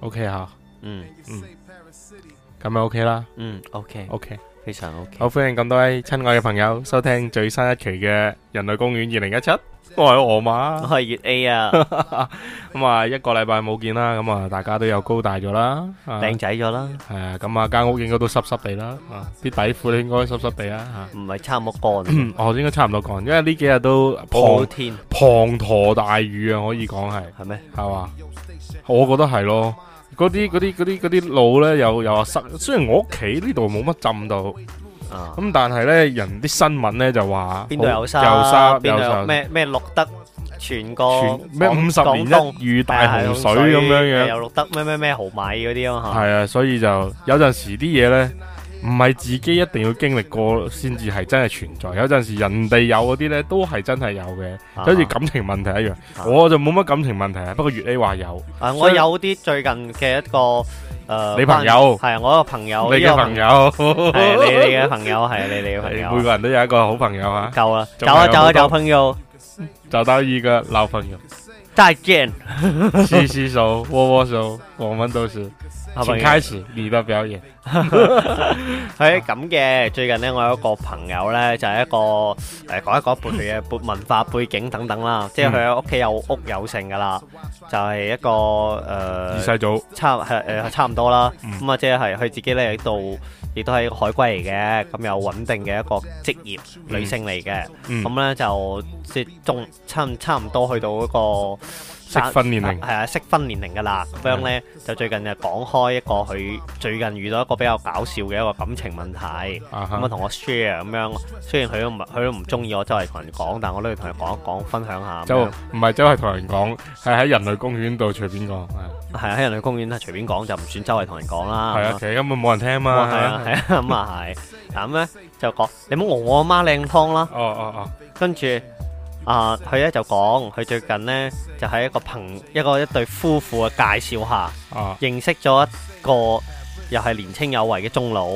O K 吓，嗯 Okay ,、huh? 嗯，咁咪 O K 啦，okay、嗯 O K O K，非常 O、okay. K。好，歡迎咁多位親愛嘅朋友收聽最新一期嘅《人類公園二零一七》。我係河馬，我係粵 A 啊。咁啊、 嗯，一個禮拜冇見啦，咁、嗯、啊，大家都又高大咗、啊、啦，靚仔咗啦。係、嗯、啊，咁啊，間屋應該都濕濕地啦，啲底褲咧應該濕濕地啦。吓。唔係差唔多乾，哦，應該差唔多乾，因為呢幾日都滂天滂沱大雨啊，可以講係係咩？係嘛嗎， 我覺得係咯。嗰啲嗰啲嗰啲嗰啲路咧，又又話塞。雖然我屋企、啊、呢度冇乜浸到，咁但係咧，人啲新聞咧就話邊度有沙？濕，邊有咩塞咩錄得？全國咩五十年一遇東大洪水咁、啊啊、水樣嘅，又錄得咩咩咩毫米嗰啲啊嚇。係啊，所以就有陣時啲嘢咧。唔係自己一定要經歷過先至係真係存在，有陣時人哋有嗰啲咧都係真係有嘅，就好似感情問題一樣，我就冇乜感情問題啊。不過粵 A 話有，啊我有啲最近嘅一個誒，你朋友係啊，我一個朋友，你嘅朋友係你嘅朋友，係你嘅朋友。每個人都有一個好朋友啊，夠啦，走啊走啊，走朋友，就得意嘅鬧朋友，真再見，洗洗手，握握手，我們都是。係咪？請開始，你嘅表演。係咁嘅，最近呢，我有一個朋友呢，就係一個誒，講一講背嘅文化背景等等啦，即係佢喺屋企有屋有成噶啦，就係、是、一個誒、呃、二世祖，差誒差唔多啦。咁、嗯、啊，即係佢自己呢喺度，亦都係一個海歸嚟嘅，咁有穩定嘅一個職業女性嚟嘅。咁呢，就即係仲差唔差唔多去到一個。適婚年齡係啊，適婚年齡噶啦，咁樣咧就最近就講開一個佢最近遇到一個比較搞笑嘅一個感情問題，咁啊同我 share 咁樣，雖然佢都唔佢都唔中意我周圍同人講，但我都要同佢講一講，分享下。就唔係周圍同人講，係喺人類公園度隨便講。係啊，喺人類公園啊隨便講就唔算周圍同人講啦。係啊，其實根本冇人聽啊嘛。係啊，係啊，咁啊係，咁咧就講你唔好我阿媽靚湯啦。哦哦哦，跟住。啊，佢咧就講，佢最近呢，就喺、是、一個朋一個一對夫婦嘅介紹下，啊、認識咗一個又係年青有為嘅中老，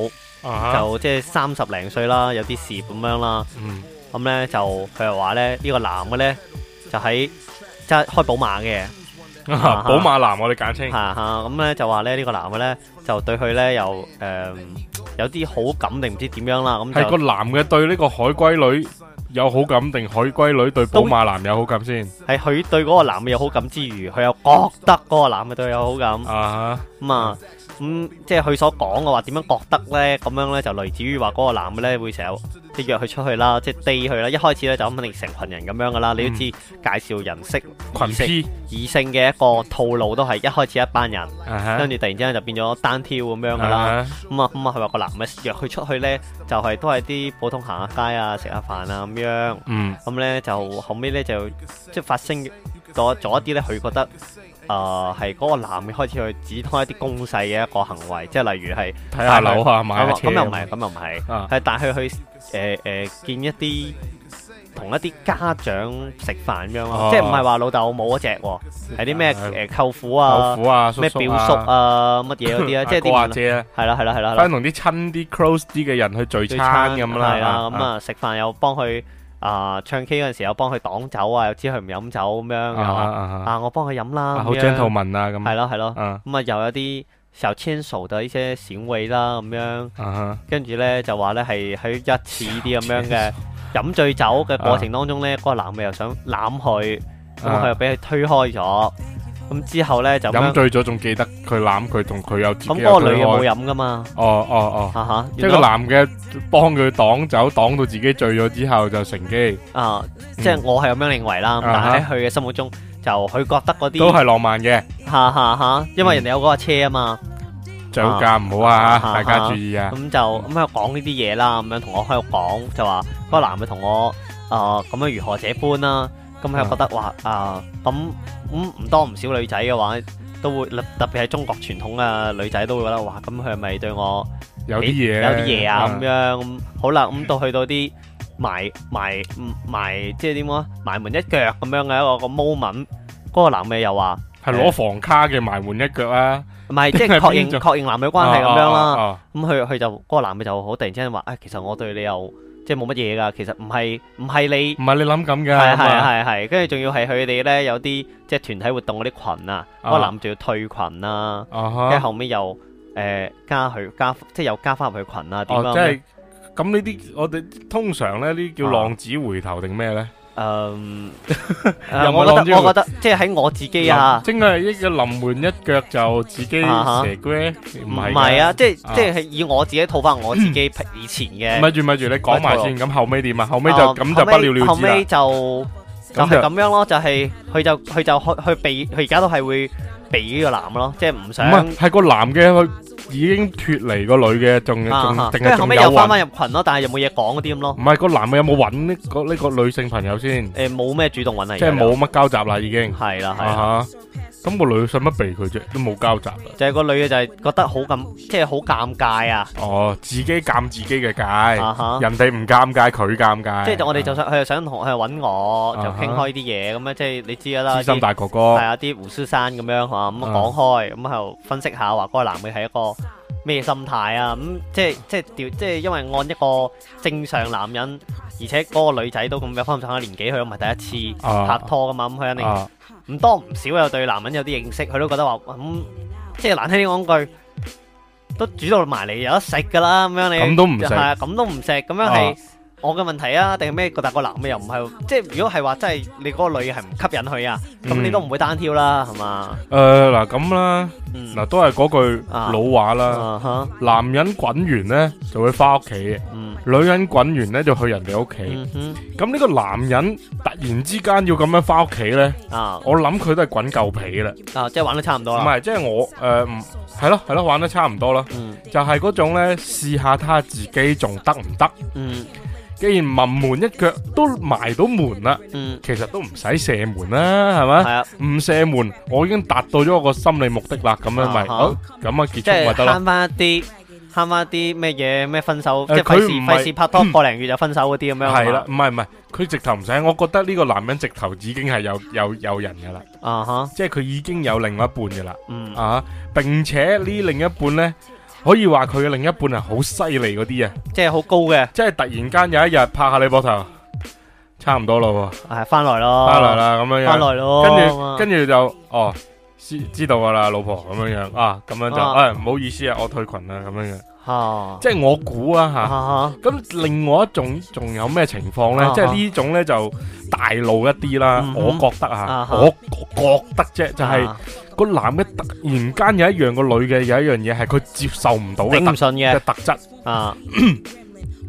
啊、就即係三十零歲啦，有啲事咁樣啦。咁、嗯嗯呢，這個、呢，就佢又話咧呢、這個男嘅呢，就喺即係開寶馬嘅，寶馬男我哋簡稱。咁呢，就話呢，呢個男嘅呢，就對佢呢，又誒有啲、呃、好感定唔知點樣啦。咁但係個男嘅對呢個海歸女。有好感定海歸女對寶馬男有好感先？係佢對嗰個男嘅有好感之餘，佢又覺得嗰個男嘅對佢有好感、uh huh. 嗯、啊嘛。咁、嗯、即係佢所講嘅話，點樣覺得呢？咁樣呢，就類似於話嗰個男嘅呢，會成日即係約佢出去啦，即係 date 佢啦。一開始呢，就肯定成群人咁樣噶啦，你都知介紹人識羣識異性嘅一個套路都係一開始一班人，跟住、啊、哈突然之間就變咗單挑咁樣噶啦。咁啊咁哈啊，佢話、嗯嗯嗯、個男嘅約佢出去呢，就係、是、都係啲普通行下街啊、食下飯啊咁樣。嗯，咁呢就後尾、就是、呢，就即係發生咗一啲呢，佢覺得。啊，係嗰個男嘅開始去展開一啲攻勢嘅一個行為，即係例如係睇下樓啊，買下車咁又唔係，咁又唔係，係帶佢去誒誒見一啲同一啲家長食飯咁樣咯，即係唔係話老豆冇嗰隻喎，係啲咩誒舅父啊、舅父啊、咩表叔啊乜嘢嗰啲啊，即係啲阿姐，係啦係啦係啦，翻同啲親啲 close 啲嘅人去聚餐咁啦，係啦，咁啊食飯又幫佢。啊，唱 K 嗰陣時又幫佢擋酒啊，又知佢唔飲酒咁樣，uh huh. 啊，我幫佢飲啦，好張圖文啊，咁、huh. 樣，係咯係咯，咁、huh. 啊、uh huh. 嗯、又有啲就牽手到一些閃位啦咁樣，跟住咧就話咧係喺一次啲咁樣嘅飲、uh huh. 醉酒嘅過程當中咧，嗰、uh huh. 個男嘅又想攬佢，咁佢、uh huh. 又俾佢推開咗。咁之後咧就飲醉咗，仲記得佢攬佢，同佢有自己。咁嗰個女嘅冇飲噶嘛？哦哦哦，即係個男嘅幫佢擋酒，擋到自己醉咗之後就乘機。啊，即係我係咁樣認為啦，但係喺佢嘅心目中就佢覺得嗰啲都係浪漫嘅。吓吓吓，因為人哋有嗰個車啊嘛，酒駕唔好啊，大家注意啊。咁就咁喺度講呢啲嘢啦，咁樣同我喺度講就話，個男嘅同我啊咁樣如何者般啦，咁佢覺得哇啊咁。唔唔，多唔少女仔嘅話，都會特別係中國傳統啊，女仔都會覺得哇，咁佢係咪對我有啲嘢？有啲嘢啊咁樣，好啦，咁到去到啲埋埋埋，即係點講？埋門一腳咁樣嘅一個個 moment，嗰個男嘅又話係攞房卡嘅埋門一腳啊？唔係，即係確認確認男女關係咁樣啦。咁佢佢就嗰個男嘅就好突然之間話，誒，其實我對你又...即係冇乜嘢㗎，其實唔係唔係你，唔係你諗咁嘅，係係係係，跟住仲要係佢哋咧有啲即係團體活動嗰啲群啊，我諗住要退群啦，跟住後尾又誒加佢加即係又加翻入去群啊，哦，即係咁呢啲，嗯，我哋通常咧呢啲叫浪子回頭定咩咧？啊啊嗯、um, 啊，我覺得我覺得即係喺我自己啊，真係一個臨門一腳就自己蛇龜唔係啊，啊即係即係以我自己套翻我自己以前嘅，咪住咪住，你講埋先，咁後尾點啊？後尾就咁、啊、就不了了之啦，後尾就就係咁樣咯，就係佢就佢就去避，佢而家都係會避呢個男咯，即係唔想，唔係係個男嘅佢。已經脫離個女嘅，仲仲，跟住後尾又翻翻入群咯，但係又冇嘢講嗰啲咁咯。唔係個男嘅有冇搵？呢個呢個女性朋友先？誒，冇咩主動搵嚟。即係冇乜交集啦，已經。係啦，吓。咁個女使乜避佢啫？都冇交集。就係個女嘅，就係覺得好咁，即係好尷尬啊。哦，自己尷自己嘅界，吓，人哋唔尷尬，佢尷尬。即係我哋就想佢又想同佢搵我，就傾開啲嘢咁咧，即係你知啦。資深大哥哥。係啊，啲鬍鬚山咁樣吓，咁啊講開，咁又分析下話嗰個男嘅係一個。咩心態啊？咁即係即係調，即係因為按一個正常男人，而且嗰個女仔都咁有返咁上下年紀，佢又唔係第一次拍拖㗎嘛，咁佢肯定唔多唔少有對男人有啲認識，佢都覺得話咁、嗯、即係難聽啲講句，都煮到埋你有得食㗎啦咁樣你，係啊，咁都唔食，咁樣係。我嘅問題啊，定係咩個？大個男嘅又唔係即係，如果係話真係你嗰個女係唔吸引佢啊，咁你都唔會單挑啦，係嘛？誒嗱咁啦，嗱都係嗰句老話啦。男人滾完呢就會翻屋企，女人滾完呢就去人哋屋企。咁呢個男人突然之間要咁樣翻屋企咧，我諗佢都係滾夠皮啦。啊，即係玩得差唔多啦？唔係，即係我誒，係咯係咯，玩得差唔多啦。就係嗰種咧，試下睇下自己仲得唔得？嗯。既然臨門一腳都埋到門啦，其實都唔使射門啦，係咪？唔射門，我已經達到咗我個心理目的啦。咁樣咪好，咁啊結束咪得咯。即係慳翻一啲，慳翻一啲咩嘢？咩分手？即係費事費事拍拖個零月就分手嗰啲咁樣。係啦，唔係唔係，佢直頭唔使。我覺得呢個男人直頭已經係有有有人噶啦。啊哈！即係佢已經有另外一半噶啦。啊，並且呢另一半咧，可以話佢嘅另一半係好犀利嗰啲啊，即係好高嘅，即係突然間有一日拍下你膊頭，差唔多咯喎，係翻、啊、來咯，翻來啦，咁樣，翻來咯著，樣啊、跟住跟住就哦。知知道噶啦，老婆咁樣樣啊，咁樣就誒，唔好意思啊，我退群啦咁樣樣，即係我估啊吓，咁另外一種仲有咩情況呢？即係呢種呢，就大路一啲啦，我覺得啊，我覺得啫，就係個男嘅突然間有一樣個女嘅有一樣嘢係佢接受唔到嘅，頂唔順嘅特質啊，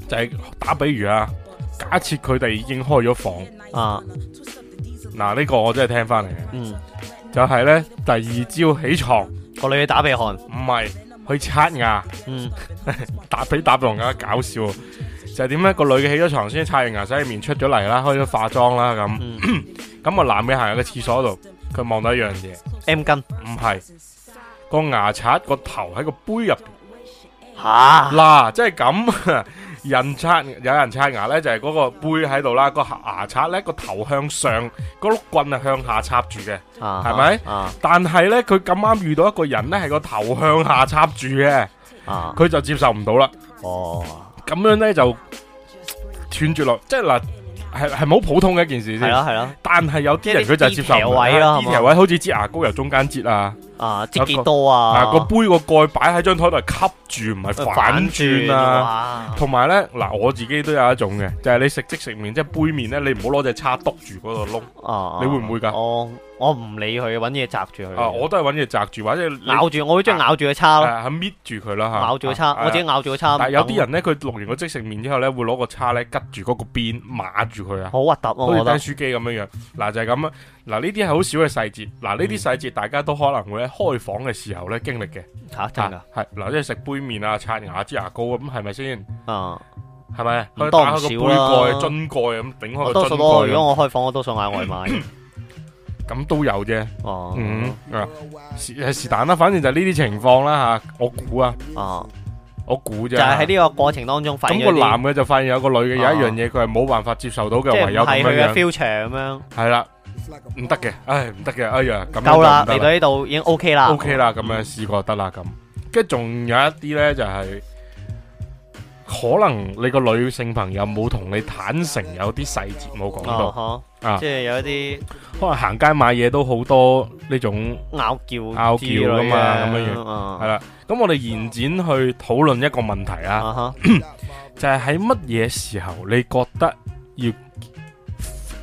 就係打比喻啊，假設佢哋已經開咗房啊，嗱呢個我真係聽翻嚟嘅，嗯。就係咧，第二朝起床個女嘅打鼻鼾，唔係去刷牙，嗯， 打鼻打到更加搞笑，就係點咧？個女嘅起咗床先刷完牙，洗完面出咗嚟啦，開咗化妝啦咁，咁、嗯 嗰個男嘅行喺個廁所度，佢望到一樣嘢，M 巾，唔係個牙刷個頭喺個杯入邊，吓哈，嗱，即係咁。人刷有人刷牙咧，就係、是、嗰個杯喺度啦，個牙刷咧、個頭向上，個碌棍啊向下插住嘅，係咪？但係咧佢咁啱遇到一個人咧，係個頭向下插住嘅，佢、啊、就接受唔到啦。哦、啊，咁樣咧就斷絕落，即係嗱，係係咪好普通嘅一件事先係咯。啊啊啊、但係有啲人佢就接受唔到，好似擠牙膏由中間擠啊。啊！積幾多啊？嗱，個杯個蓋擺喺張台度吸住，唔係反轉啊！同埋咧，嗱，我自己都有一種嘅，就係你食即食麵即杯麵咧，你唔好攞隻叉篤住嗰個窿。你會唔會噶？我唔理佢，搵嘢閘住佢。我都係搵嘢閘住，或者咬住，我會將咬住個叉搣住佢啦咬住個叉，我自己咬住個叉。但係有啲人咧，佢弄完個即食麵之後咧，會攞個叉咧吉住嗰個邊碼住佢啊！好核突，我覺得。好似打書機咁樣樣，嗱就係咁啊！嗱，呢啲係好少嘅細節。嗱，呢啲細節大家都可能會喺開房嘅時候咧經歷嘅。係嗱，即係食杯麵啊，刷牙支牙膏咁，係咪先？啊，係咪？多唔少啦？樽蓋咁，頂開個樽蓋。如果我開房，我都送下外賣。咁都有啫。哦，嗯是但啦，反正就呢啲情況啦吓。我估啊。我估啫。就係喺呢個過程當中，發現咁個男嘅就發現有個女嘅有一樣嘢，佢係冇辦法接受到嘅，唯有咁樣。佢嘅 future 咁樣。係啦。唔得嘅，哎唔得嘅，哎呀，咁夠啦了，嚟到呢度已經 OK 啦，OK 啦，咁樣試、嗯、過得啦咁，跟住仲有一啲呢，就係、是、可能你個女性朋友冇同你坦誠，有啲細節冇講到，uh huh, 啊、即係有一啲可能行街買嘢都好多呢種拗叫拗叫咁啊，咁樣樣係啦，咁、uh huh. 我哋延展去討論一個問題啊，uh huh. 就係喺乜嘢時候你覺得要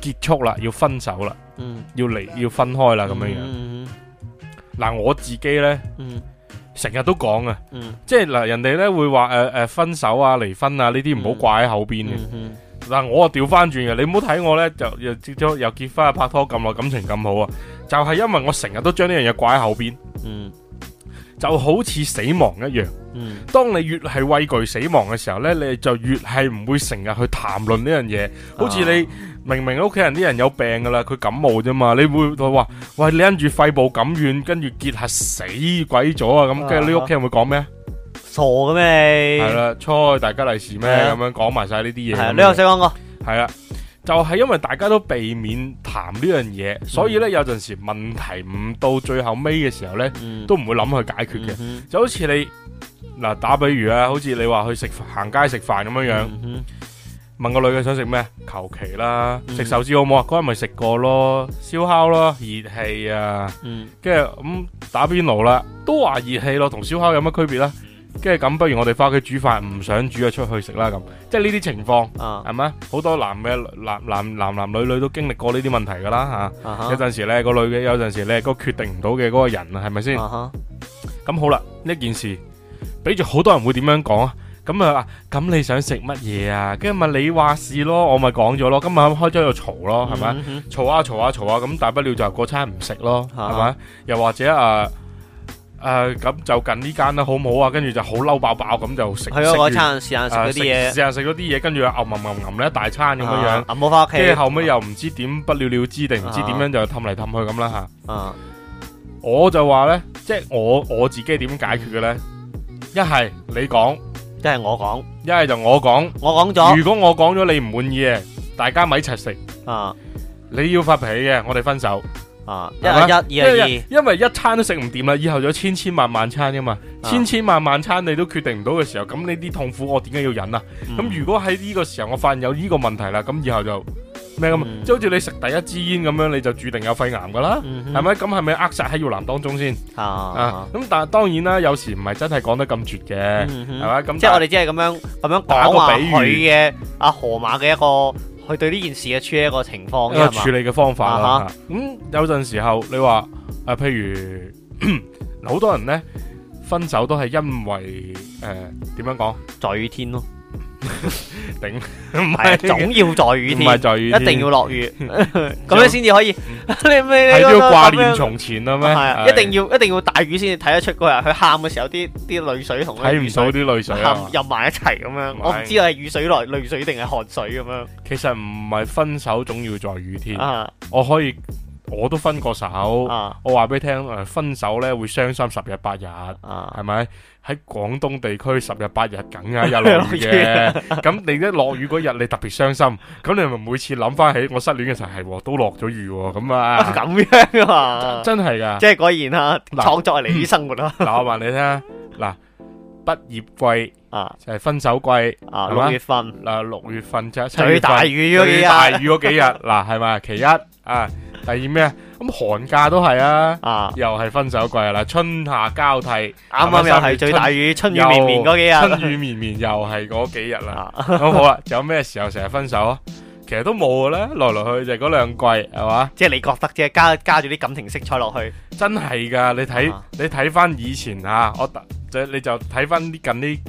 結束啦，要分手啦？嗯，要離要分開啦，咁樣樣。嗱，我自己咧，成日都講啊，即係嗱，人哋咧會話誒誒，分手啊，離婚啊，呢啲唔好掛喺口邊嘅。嗱，我啊調翻轉嘅，你唔好睇我咧，就又結咗又結婚啊，拍拖咁耐，感情咁好啊，就係因為我成日都將呢樣嘢掛喺口邊，就好似死亡一樣。嗯，當你越係畏懼死亡嘅時候咧，你就越係唔會成日去談論呢樣嘢，好似你。明明屋企人啲人有病噶啦，佢感冒啫嘛，你會話喂你因住肺部感染，跟住結核死鬼咗啊咁，跟住你屋企人會講咩？傻嘅咩？係啦，觸大家利是咩？咁樣講埋晒呢啲嘢。你又想講過？係啦，就係因為大家都避免談呢樣嘢，所以咧有陣時問題唔到最後尾嘅時候咧，都唔會諗去解決嘅。就好似你嗱，打比如啊，好似你話去食行街食飯咁樣樣。問個女嘅想食咩？求其啦，食壽司好唔好啊？嗰日咪食過咯，燒烤咯，熱氣啊，跟住咁打邊爐啦，都話熱氣咯，同燒烤有乜區別啦？跟住咁，不如我哋翻屋企煮飯，唔想煮就出去食啦咁，即係呢啲情況，係咪啊？好多男嘅男男男男女女都經歷過呢啲問題噶啦吓，有陣時咧個女嘅，有陣時咧個決定唔到嘅嗰個人啊，係咪先？咁好啦，呢件事俾住好多人會點樣講啊？咁啊，咁你想食乜嘢啊？跟住咪你話事咯，我咪講咗咯。今日開張又嘈咯，係咪吧？嘈啊嘈啊嘈啊！咁大不了，了就個餐唔食咯，係咪、啊？又或者誒誒，咁、呃呃、就近呢間啦，好唔好、嗯、啊？跟住就好嬲爆爆咁就食。係啊，我個餐試下食嗰啲嘢，試下食嗰啲嘢，跟住又揞揞揞揞一大餐咁樣樣，揞好翻屋企。跟住後尾又唔知點不了了之，定唔知點樣就氹嚟氹去咁啦吓。啊啊、我就話咧，即係我我自己點解決嘅咧？一係你講。即係我講，一係就我講，我講咗。如果我講咗你唔滿意，大家咪一齊食啊！你要發脾氣嘅，我哋分手啊！吧一一，二，因為一餐都食唔掂啦，以後有千千萬萬餐噶嘛，啊、千千萬萬餐你都決定唔到嘅時候，咁呢啲痛苦我點解要忍啊？咁、嗯、如果喺呢個時候我發現有呢個問題啦，咁以後就。咩咁，即係好似你食第一支煙咁樣，你就注定有肺癌噶啦，係咪、嗯哼？咁係咪扼殺喺搖籃當中先咁、啊啊啊、但係當然啦，有時唔係真係講得咁絕嘅，係嘛、嗯哼？咁即係我哋只係咁樣咁樣說說打個比喻嘅阿河馬嘅一個佢對呢件事嘅處理一個情況，處理嘅方法咁、啊哈 啊、有陣時候你話誒、啊，譬如好 多人呢，分手都係因為誒點、呃呃、樣講嘴天咯。頂唔係，總要在雨天，在雨一定要落雨，咁樣先至可以。你你你要掛念從前啦咩？係啊，一定要一定要大雨先至睇得出嗰日佢喊嘅時候啲啲淚水同睇唔到啲淚水，含入埋一齊咁樣。我唔知係雨水嚟淚水定係汗水咁樣。其實唔係分手，總要在雨天啊！我可以。我都分過手，我話俾你聽，誒，分手咧會傷心十日八日，係咪？喺廣東地區十日八日梗係有落雨嘅。咁你一落雨嗰日你特別傷心，咁你咪每次諗翻起我失戀嘅時候係都落咗雨，咁啊，咁樣啊，真係噶，即係果然啊，創作係嚟自生活啊。嗱，我話你聽，嗱，畢業季啊就係分手季，六月份，嗱六月份就最大雨嗰幾日，最大雨嗰幾日，嗱係咪？其一啊。第二咩？咁寒假都係啊，又係分手季啦。春夏交替，啱啱又係最大雨，春雨綿綿嗰幾日，春雨綿綿又係嗰幾日啦。咁好啦，仲有咩時候成日分手啊？其實都冇嘅咧，來來去就嗰兩季係嘛，即係你覺得即係，加加住啲感情色彩落去，真係噶。你睇你睇翻以前吓，我就你就睇翻啲近啲。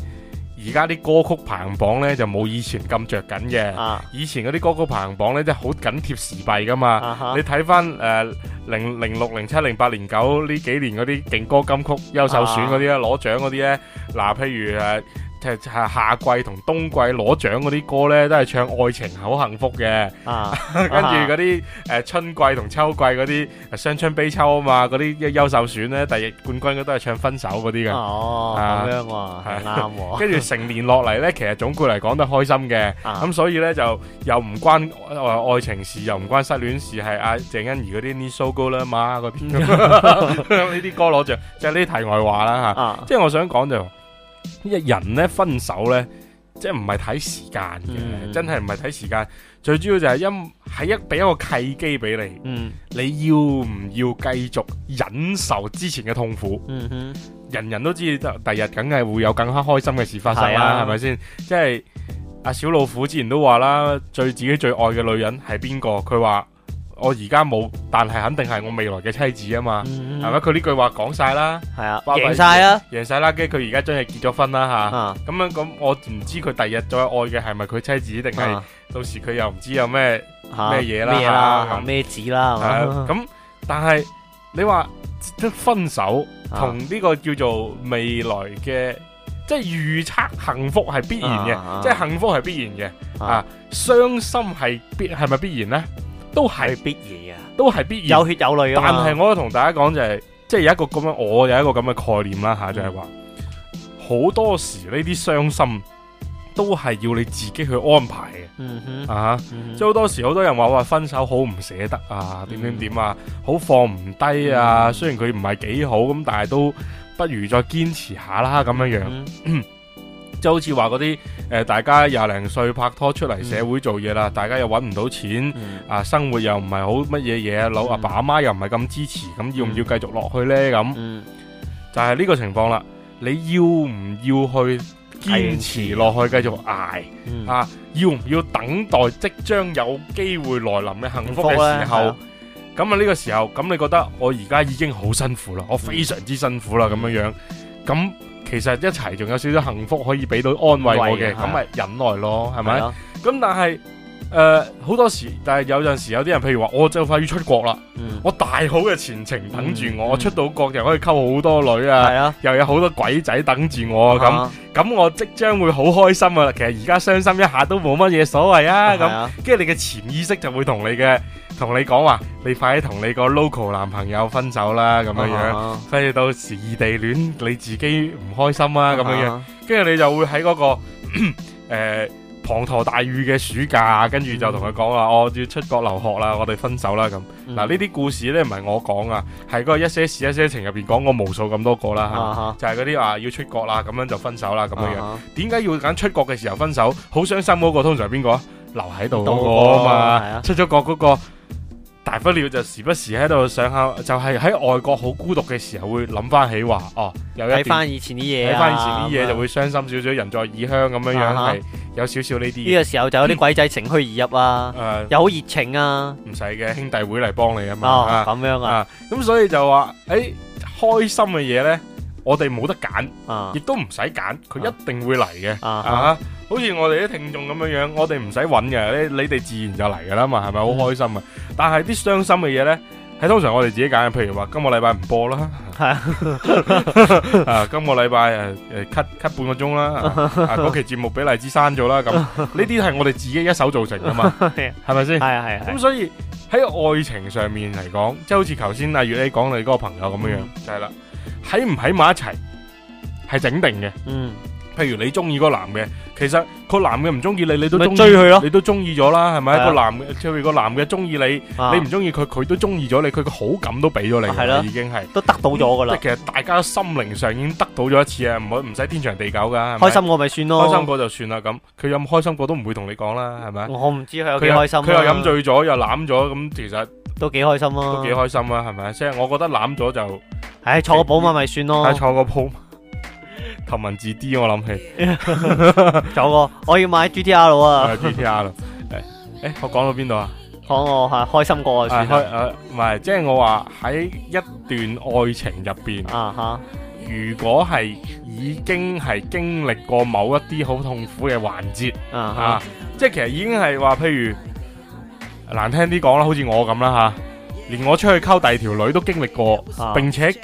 而家啲歌曲排行榜呢，就冇以前咁着緊嘅，啊、以前嗰啲歌曲排行榜呢，真係好緊貼時弊噶嘛。啊、哈你睇翻誒零零六、零七、零八年、九呢幾年嗰啲勁歌金曲優秀選嗰啲啊，啊，攞獎嗰啲呢。嗱譬如誒。Uh, 係係夏季同冬季攞獎嗰啲歌咧，都係唱愛情好幸福嘅。啊，跟住嗰啲誒春季同秋季嗰啲雙春悲秋啊嘛，嗰啲一優秀選咧，第二冠軍都係唱分手嗰啲嘅。哦，咁樣係啱。跟住成年落嚟咧，其實總括嚟講都開心嘅。咁所以咧就又唔關誒愛情事，又唔關失戀事，係阿鄭欣宜嗰啲 Need So Good 啦，嘛嗰啲呢啲歌攞即就呢啲題外話啦吓。即係我想講就。呢個人咧，分手咧，即係唔係睇時間嘅，嗯、真係唔係睇時間，最主要就係因係一俾一個契機俾你，嗯、你要唔要繼續忍受之前嘅痛苦？嗯、哼人人都知第日梗係會有更加開心嘅事發生啦，係咪先？即係阿小老虎之前都話啦，最自己最愛嘅女人係邊個？佢話。我而家冇，但係肯定係我未來嘅妻子啊嘛，係咪、嗯啊？佢呢句話講晒啦，係啊，贏晒啦，贏晒啦，跟住佢而家真係結咗婚啦吓。咁樣咁，我唔知佢第日再愛嘅係咪佢妻子，定係到時佢又唔知有咩咩嘢啦，咩子啦。咁但係你話分手同呢個叫做未來嘅，即係預測幸福係必然嘅，即係幸福係必然嘅。啊，傷心係必係咪必然咧？啊都係必然啊！都係必然有血有淚啊！但係我都同大家講就係、是，即、就、係、是、有一個咁嘅我有一個咁嘅概念啦吓，嗯、就係話好多時呢啲傷心都係要你自己去安排嘅。嗯、哼啊，即係好多時好多人話話分手好唔捨得啊，點點點啊，好、嗯、放唔低啊。嗯、雖然佢唔係幾好咁，但係都不如再堅持下啦，咁樣、嗯、哼樣。嗯就好似話嗰啲誒，大家廿零歲拍拖出嚟社會做嘢啦，嗯、大家又揾唔到錢、嗯、啊，生活又唔係好乜嘢嘢，嗯、老阿爸阿媽又唔係咁支持，咁要唔要繼續落去呢？咁、嗯、就係呢個情況啦。你要唔要去堅持落去繼續挨、嗯、啊？要唔要等待即將有機會來臨嘅幸福嘅時候？咁啊呢個時候，咁你覺得我而家已經好辛苦啦，我非常之辛苦啦，咁、嗯嗯、樣樣咁。嗯嗯其實一齊仲有少少幸福可以俾到安慰我嘅，咁咪忍耐咯，係咪？咁但係，誒，好、uh，多時，但係有陣時有啲人，譬如話我就快要出國啦，mm. 我大好嘅前程等住我，mm. 出到國又可以溝好多女啊，是啊又有好多鬼仔等住我咁，咁是、啊、我即將會好開心啊！其實而家傷心一下都冇乜嘢所謂啊！咁是、啊，跟住你嘅潛意識就會同你嘅同你講話、啊，你快啲同你個 local 男朋友分手啦，咁樣樣，是啊、所以到時異地戀你自己唔開心啊，咁樣是、啊、樣，跟住你就會喺嗰、那個誒。 呃滂沱大雨嘅暑假，跟住就同佢講話，我、嗯哦、要出國留學啦，我哋分手啦咁。嗱呢啲故事咧唔係我講啊，哈啊，係嗰一些事一些情入邊講過無數咁多個啦吓，就係嗰啲話要出國啦，咁樣就分手啦咁樣樣。點解、啊、哈要揀出國嘅時候分手？好傷心嗰、嗰個通常係邊個，個啊？留喺度嗰個啊嘛，出咗國、嗰個。大不了就時不時喺度想下，就係喺外國好孤獨嘅時候會諗翻起話哦，又睇翻以前啲嘢、啊，睇翻以前啲嘢就會傷心少少，人在異鄉咁樣樣，係、啊、哈有少少呢啲。呢個時候就有啲鬼仔乘虛而入啊，嗯、又好熱情啊。唔使嘅，兄弟會嚟幫你啊嘛。咁、哦、樣啊，咁、啊、所以就話，誒、欸、開心嘅嘢咧，我哋冇得揀，亦、啊、都唔使揀，佢一定會嚟嘅啊。啊啊好似我哋啲聽眾咁樣樣，我哋唔使揾嘅，你你哋自然就嚟噶啦嘛，係咪好開心啊？但係啲傷心嘅嘢咧，係通常我哋自己揀嘅，譬如話今個禮拜唔播啦，係是啊， 啊，啊今個禮拜誒誒 cut cut 半個鐘啦，嗰、啊、期節目俾荔枝刪咗啦，咁呢啲係我哋自己一手造成噶嘛，係咪先？係啊係啊，咁、啊啊啊、所以喺愛情上面嚟講，即係好似頭先阿如阿月你講你嗰個朋友咁樣樣，嗯、就係啦，喺唔喺埋一齊係整定嘅，嗯。譬如你中意個男嘅，其實個男嘅唔中意你，你都中意佢咯，你都中意咗啦，係咪？個、啊、男，譬如個男嘅中意你，啊、你唔中意佢，佢都中意咗你，佢個好感都俾咗你，係咯、啊，已經係都得到咗噶啦。即係、嗯、其實大家心靈上已經得到咗一次啊，唔好唔使天長地久噶。開心過咪算咯，開心過就算啦。咁佢有冇開心過都唔會同你講啦，係咪？我唔知佢有幾開心。佢又飲醉咗，又攬咗，咁其實都幾開心咯。都幾開心啊，係咪？即係、啊啊、我覺得攬咗就，唉、哎，坐個寶馬咪咪算咯、哎，坐個鋪。頭文字 D，我諗起，走個，我要買 GTR 啊！GTR，誒，誒、 哎，我講到邊度啊？講我係開心過先，唔係、啊，即係、啊就是、我話喺一段愛情入邊，啊哈，如果係已經係經歷過某一啲好痛苦嘅環節，啊哈，即係其實已經係話，譬如難聽啲講啦，好似我咁啦吓，連我出去溝第二條女都經歷過，啊、並且。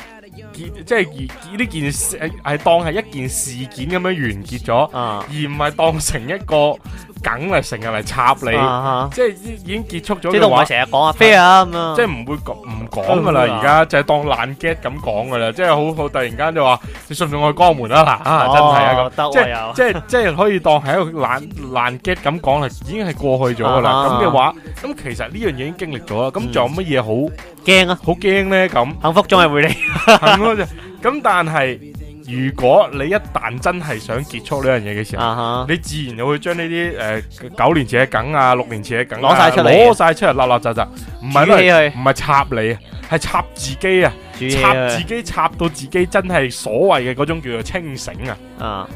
結即係而呢件事係當係一件事件咁樣完結咗，uh. 而唔係當成一個。梗係成日嚟插你，即係已已經結束咗嘅話，成日講啊，fair 啊咁啊，即係唔會講唔講噶啦，而家就係當爛 gag 咁講噶啦，即係好好突然間就話，你信唔信我去關門啊嗱，啊真係啊，即係即係即係可以當係一個爛爛 gag 咁講啦，已經係過去咗噶啦，咁嘅話，咁其實呢樣嘢已經經歷咗啦，咁仲有乜嘢好驚啊，好驚咧咁，幸福仲係會嚟，咁但係。如果你一旦真係想結束呢樣嘢嘅時候，uh huh. 你自然就會將呢啲誒九年前嘅梗啊、六年前嘅梗啊、攞晒出嚟，攞晒出嚟，立立雜雜，唔係都唔係插你啊，係插自己啊，插自己插到自己，到自己真係所謂嘅嗰種叫做清醒啊。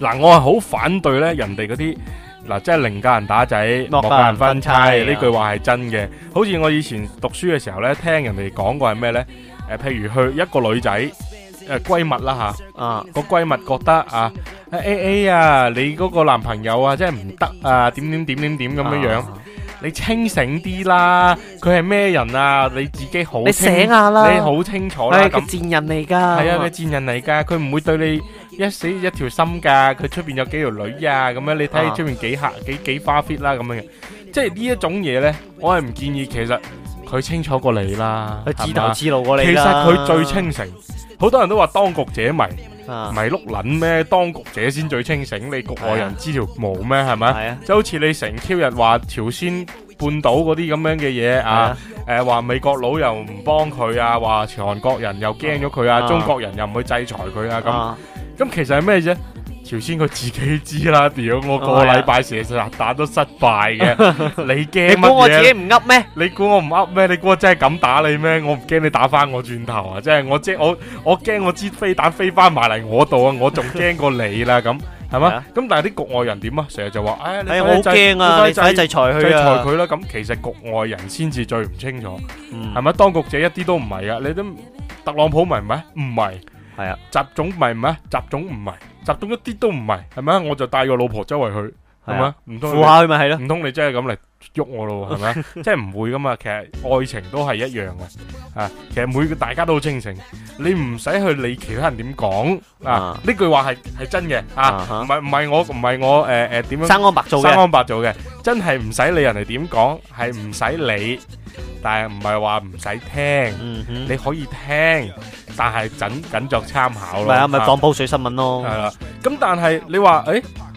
嗱、uh huh.，我係好反對呢人哋嗰啲嗱，即係寧家人打仔，莫家人分妻呢句話係真嘅。啊、好似我以前讀書嘅時候呢，聽人哋講過係咩呢？誒，譬如去一個女仔。誒，閨蜜啦吓，啊個閨蜜覺得啊，A A 啊，你嗰個男朋友啊，即係唔得啊，點點點點點咁樣樣，你清醒啲啦，佢係咩人啊？你自己好你醒下啦，你好清楚啦，係個賤人嚟噶，係啊佢賤人嚟噶，佢唔會對你一死一條心噶，佢出邊有幾條女啊，咁樣你睇下出邊幾吓幾幾花 fit 啦，咁樣嘅，即係呢一種嘢咧，我係唔建議，其實佢清楚過你啦，佢自導自露過你啦，其實佢最清醒。好多人都話當局者迷，啊、迷碌撚咩？當局者先最清醒，你局外人知條毛咩？係咪？即係好似你成 Q 日話朝鮮半島嗰啲咁樣嘅嘢啊？誒，話美國佬又唔幫佢啊？話韓、啊啊呃、國人又驚咗佢啊？國啊啊中國人又唔去制裁佢啊？咁咁、啊、其實係咩啫？朝鮮佢自己知啦，屌我個禮拜射十打都失敗嘅， 你驚，你估我自己唔噏咩？你估我唔噏咩？你估我真係敢打你咩？我唔驚你打翻我轉頭啊！即係我即我我驚我支飛彈飛翻埋嚟我度啊！我仲驚過你啦咁，係嘛？咁但係啲局外人點、哎哎、啊？成日就話，哎你好驚啊！制裁佢啦咁，其實局外人先至最唔清楚，係咪、嗯、當局者一啲都唔係啊？你都特朗普咪唔係唔係，係啊，習總唔係咩？習總唔係。集中一啲都唔係，係咪？我就帶個老婆周圍去，係咪啊？唔通話佢咪係咯，唔通你，你真係咁嚟？喐我咯，係咪？即係唔會噶嘛。其實愛情都係一樣嘅，啊，其實每個大家都好清醒。你唔使去理其他人點講啊。呢句話係係真嘅啊，唔係唔係我唔係我誒誒點樣生安白做嘅，生安白做嘅，真係唔使理人哋點講，係唔使理，但係唔係話唔使聽，你可以聽，但係僅僅作參考咯。唔係啊，咪講煲水新聞咯。係啦，咁但係你話誒。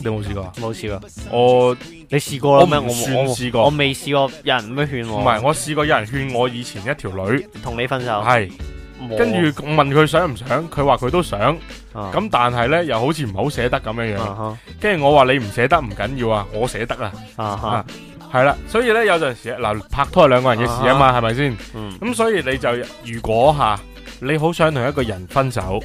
你冇試過啊？冇試過，我你試過啦？我唔算試過，我未試過有人咩勸我？唔係，我試過有人勸我，以前一條女同你分手，係跟住問佢想唔想，佢話佢都想，咁但係咧又好似唔好捨得咁樣樣，跟住我話你唔捨得唔緊要啊，我捨得啊，係啦，所以咧有陣時嗱拍拖係兩個人嘅事啊嘛，係咪先？咁所以你就如果吓你好想同一個人分手。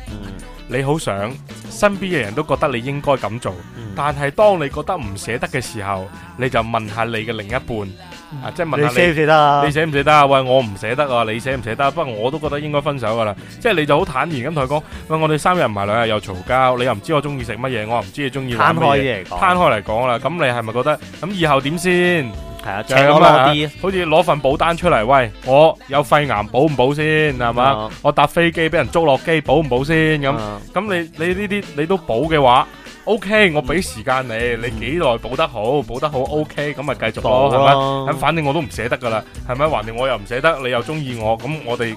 你好想身邊嘅人都覺得你應該咁做，嗯、但係當你覺得唔捨得嘅時候，你就問下你嘅另一半，嗯、啊，即係問,問,問你,你捨唔捨得啊？你捨唔捨得啊？喂，我唔捨得啊，你捨唔捨得、啊？不過我都覺得應該分手噶啦，即係你就好坦然咁同佢講，喂，我哋三日唔埋兩日又嘈交，你又唔知我中意食乜嘢，我又唔知你中意攤開嚟講啦，咁你係咪覺得咁以後點先？係啊，對就係咁啦，些好似攞份保單出嚟，喂，我有肺癌保唔保先，係嘛？Uh. 我搭飛機俾人捉落機保唔保先？咁咁你你呢啲你都保嘅話，OK，我俾時間你，你幾耐保得好，保得好 OK，咁咪繼續咯，係咪了？咁反正我都唔捨得噶啦，係咪？還定我又唔捨得，你又中意我，咁我哋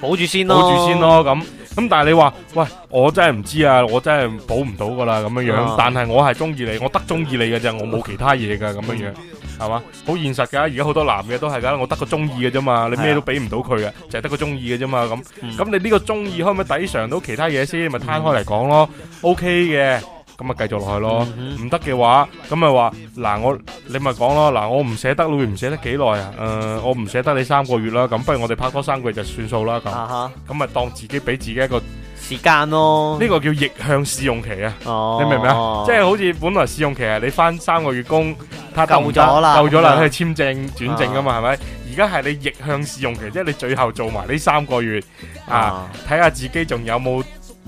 保住先咯，保住先咯，咁咁但係你話，喂，我真係唔知啊，我真係保唔到噶啦，咁樣樣，uh. 但係我係中意你，我得中意你嘅啫，我冇其他嘢噶，咁樣樣。 係嘛，好現實噶，而家好多男嘅都係噶，我得個中意嘅啫嘛，你咩都俾唔到佢嘅，淨係得個中意嘅啫嘛咁。咁、嗯、你呢個中意可唔可以抵償到其他嘢先？你咪攤開嚟講咯、嗯、OK 嘅，咁咪繼續落去咯。唔得嘅話，咁咪話嗱我，你咪講咯嗱，我唔捨得你會唔捨得幾耐啊？誒、呃，我唔捨得你三個月啦，咁不如我哋拍拖三個月就算數啦咁。咁咪當自己俾自己一個時間咯，呢個叫逆向試用期啊，你明唔明啊？即係好似本來試用期係你翻三個月工，他夠咗啦，夠咗啦，去簽證轉正噶嘛，係咪？而家係你逆向試用期，即係你最後做埋呢三個月啊，睇下自己仲有冇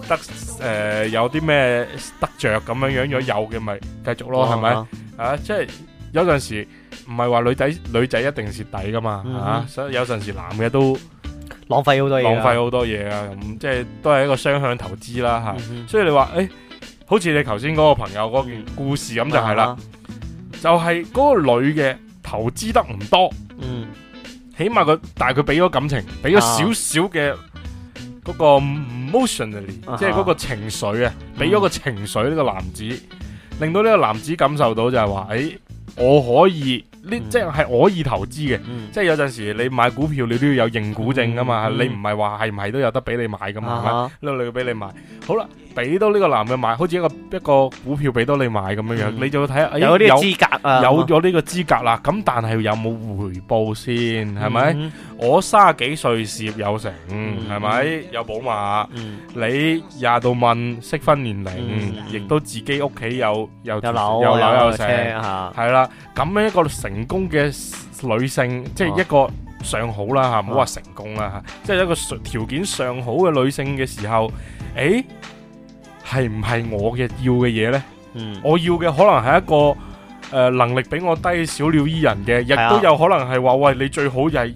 得誒有啲咩得着咁樣樣，如果有嘅咪繼續咯，係咪啊？即係有陣時唔係話女仔女仔一定蝕底噶嘛，嚇，所以有陣時男嘅都。浪費好多嘢，浪費好多嘢啊！咁即係都係一個雙向投資啦，吓。嗯、哼所以你話，誒、欸，好似你頭先嗰個朋友嗰件故事咁就係、是、啦，嗯、哼就係嗰個女嘅投資得唔多，嗯，起碼佢但係佢俾咗感情，俾咗少少嘅嗰個 emotionally，即係嗰個情緒啊，俾咗、嗯、哼個情緒呢、呢個男子，令到呢個男子感受到就係話，誒、欸，我可以。呢即係可以投資嘅，嗯、即係有陣時你買股票，你都要有認股證噶嘛，嗯嗯、你唔係話係唔係都有得俾你買噶嘛，你有俾你買，好啦。俾到呢個男嘅買，好似一個一個股票俾到你買咁樣樣，你就會睇下有啲資格啊，有有咗呢個資格啦。咁但係有冇回報先？係咪？我三十幾歲事業有成，係咪？有寶馬，你廿到萬，適婚年齡，亦都自己屋企有有有樓有車吓，係啦。咁樣一個成功嘅女性，即係一個上好啦吓，唔好話成功啦吓，即係一個條件上好嘅女性嘅時候，誒。係唔係我嘅要嘅嘢呢？是是我要嘅，嗯，可能係一個誒、呃、能力比我低小鳥依人嘅，亦都有可能係話喂，你最好就係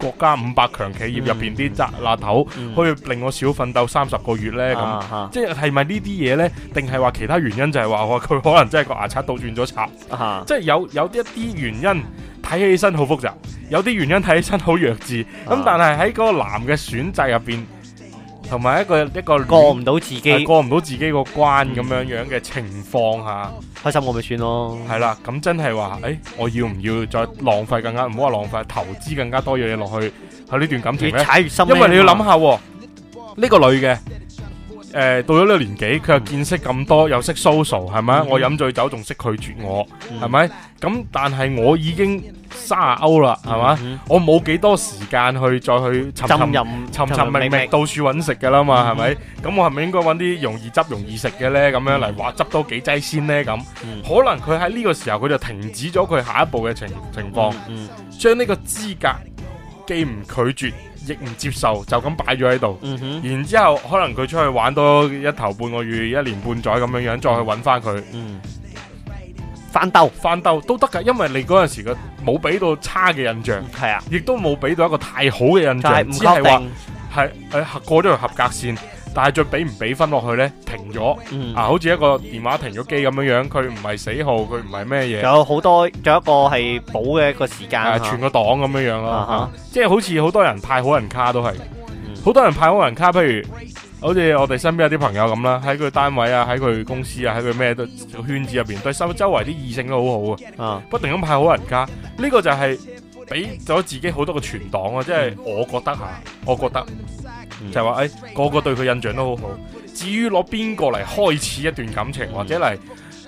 國家五百強企業入邊啲渣爛頭，可以令我少奮鬥三十個月呢。」咁、啊啊、即係咪呢啲嘢呢？定係話其他原因就？就係話佢可能真係個牙刷倒轉咗插，啊、即係有有一啲原因睇起身好複雜，有啲原因睇起身好弱智。咁但係喺個男嘅選擇入邊。同埋一個一個過唔到自己、呃、過唔到自己個關咁樣樣嘅情況下，開心過咪算咯。係啦，咁真係話，誒、欸，我要唔要再浪費更加唔好話浪費投資更加多嘢落去喺呢段感情咧？踩越深，因為你要諗下呢、啊、個女嘅。誒，到咗呢個年紀，佢又見識咁多，又識 social，係咪？我飲醉酒仲識拒絕我，係咪？咁但係我已經卅歐啦，係咪？我冇幾多時間去再去尋尋尋尋覓覓到處揾食嘅啦嘛，係咪？咁我係咪應該揾啲容易執容易食嘅呢？咁樣嚟話執多幾劑先呢？咁可能佢喺呢個時候佢就停止咗佢下一步嘅情情況，將呢個資格既唔拒絕。亦唔接受，就咁擺咗喺度。嗯、哼然之後可能佢出去玩多一頭半個月，一年半載咁樣樣，再去揾翻佢。翻兜翻兜都得㗎，因為你嗰陣時冇俾到差嘅印象，係、嗯、啊，亦都冇俾到一個太好嘅印象，只係話係係過咗條合格線。但係再俾唔俾分落去呢？停咗、嗯、啊！好似一個電話停咗機咁樣樣，佢唔係死號，佢唔係咩嘢，有好多有一個係保嘅一個時間，存、啊、個檔咁樣樣咯，即係、啊啊、好似好多人派好人卡都係，好、嗯、多人派好人卡，譬如好似我哋身邊有啲朋友咁啦，喺佢單位啊，喺佢公司啊，喺佢咩都圈子入邊，對周周圍啲異性都好好啊，不停咁派好人卡，呢、這個就係俾咗自己好多個存檔啊！即、就、係、是、我覺得吓、啊，我覺得。嗯、就係話誒、哎，個個對佢印象都好好。至於攞邊個嚟開始一段感情，嗯、或者嚟誒、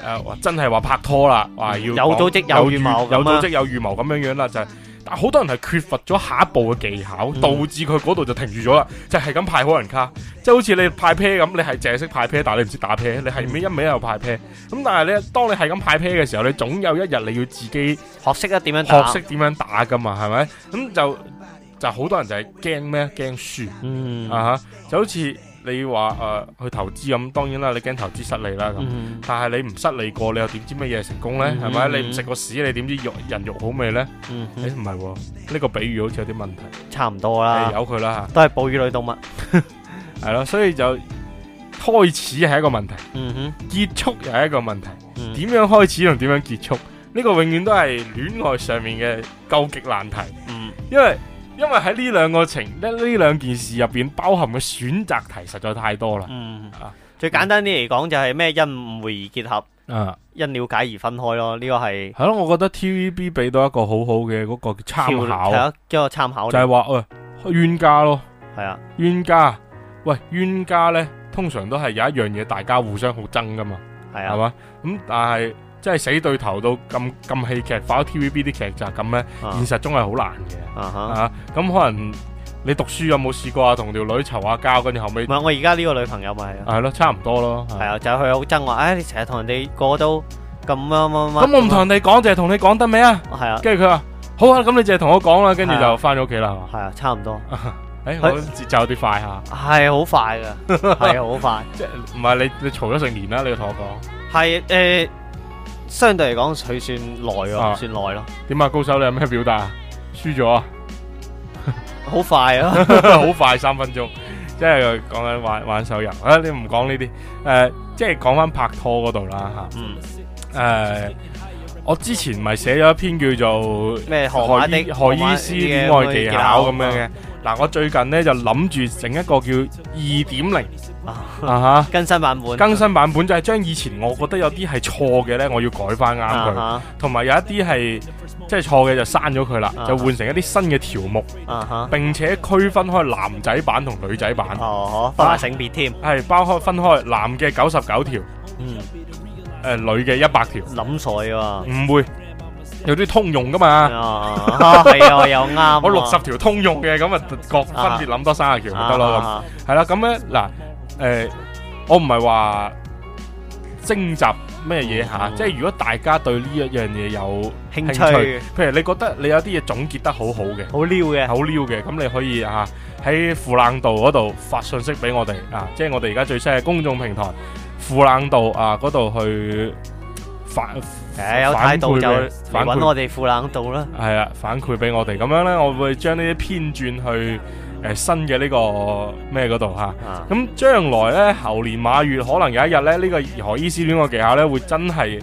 呃，真係話拍拖啦，話要有組織有預謀、啊、有預謀、有組織、有預謀咁樣樣、啊、啦。就係、但好多人係缺乏咗下一步嘅技巧，導致佢嗰度就停住咗啦。嗯、就係咁派好人卡，即係好似你派 pair 咁，你係淨係識派 pair，但係你唔知打 pair，你係咪一味又派 pair？咁但係咧，當你係咁派 pair 嘅時候，你總有一日你要自己學識一點樣學識點樣打噶嘛，係咪？咁就。就好多人就係驚咩？驚輸啊吓，就好似你話誒去投資咁，當然啦，你驚投資失利啦咁。但係你唔失利過，你又點知乜嘢係成功咧？係咪？你唔食個屎，你點知肉人肉好味咧？誒，唔係，呢個比喻好似有啲問題。差唔多啦，由佢啦，都係哺乳類動物，係咯。所以就開始係一個問題，嗯哼，結束又係一個問題。點樣開始同點樣結束？呢個永遠都係戀愛上面嘅究極難題。因為。因為喺呢兩個情呢呢兩件事入邊包含嘅選擇題實在太多啦。嗯，啊，最簡單啲嚟講就係咩因誤會而結合，啊，因了解而分開咯。呢個係係咯，我覺得 TVB 俾到一個好好嘅嗰個參考，係啊，個參考，就係話喂冤家咯，係啊，冤家，喂冤家呢，通常都係有一樣嘢大家互相好憎噶嘛，係啊，係嘛，咁、嗯、但係。即係死對頭到咁咁戲劇化，TVB 啲劇集咁咧，現實中係好難嘅。啊，咁可能你讀書有冇試過啊？同條女嘈下交，跟住後尾，唔係我而家呢個女朋友咪係咯，差唔多咯。係啊，就佢好憎話，哎，你成日同人哋個都咁樣，咁我唔同人哋講，就係同你講得未啊？係啊，跟住佢話好啊，咁你就係同我講啦，跟住就翻咗屋企啦。係啊，差唔多。哎，節奏啲快下，係好快噶，係好快。即係唔係你你嘈咗成年啦？你同我講係誒。相對嚟講，佢算耐咯，啊、算耐咯。點啊，高手你有咩表達啊？輸咗啊！好 快啊，好 快三分鐘，即係講緊玩玩手遊。啊，你唔講呢啲，誒、呃，即係講翻拍拖嗰度啦吓，嗯，誒、呃。我之前咪寫咗一篇叫做《何醫師戀愛技巧》咁樣嘅，嗱，我最近咧就諗住整一個叫二點零，啊吓，更新版本，更新版本就係將以前我覺得有啲係錯嘅咧，我要改翻啱佢，同埋有一啲係即係錯嘅就刪咗佢啦，就換成一啲新嘅條目，啊吓，並且區分開男仔版同女仔版，哦，分性別添，係包開分開男嘅九十九條，嗯。誒，女嘅一百條諗錯嘅嘛？唔會，有啲通用噶嘛？係啊，又啱。我六十條通用嘅，咁啊各分別諗多三十條咪得咯。係啦，咁咧嗱，誒，我唔係話徵集咩嘢吓，即係如果大家對呢一樣嘢有興趣，譬如你覺得你有啲嘢總結得好好嘅，好撩嘅，好撩嘅，咁你可以啊喺扶浪道嗰度發信息俾我哋啊，即係我哋而家最新嘅公眾平台。負冷度啊，嗰度去反誒、啊，有態度反就搵我哋負冷度啦。係啊，反饋俾我哋，咁樣咧，我會將、呃這個啊啊、呢啲偏轉去誒新嘅呢個咩嗰度吓。咁將來咧，猴年馬月可能有一日咧，這個、呢個何醫師呢個技巧咧會真係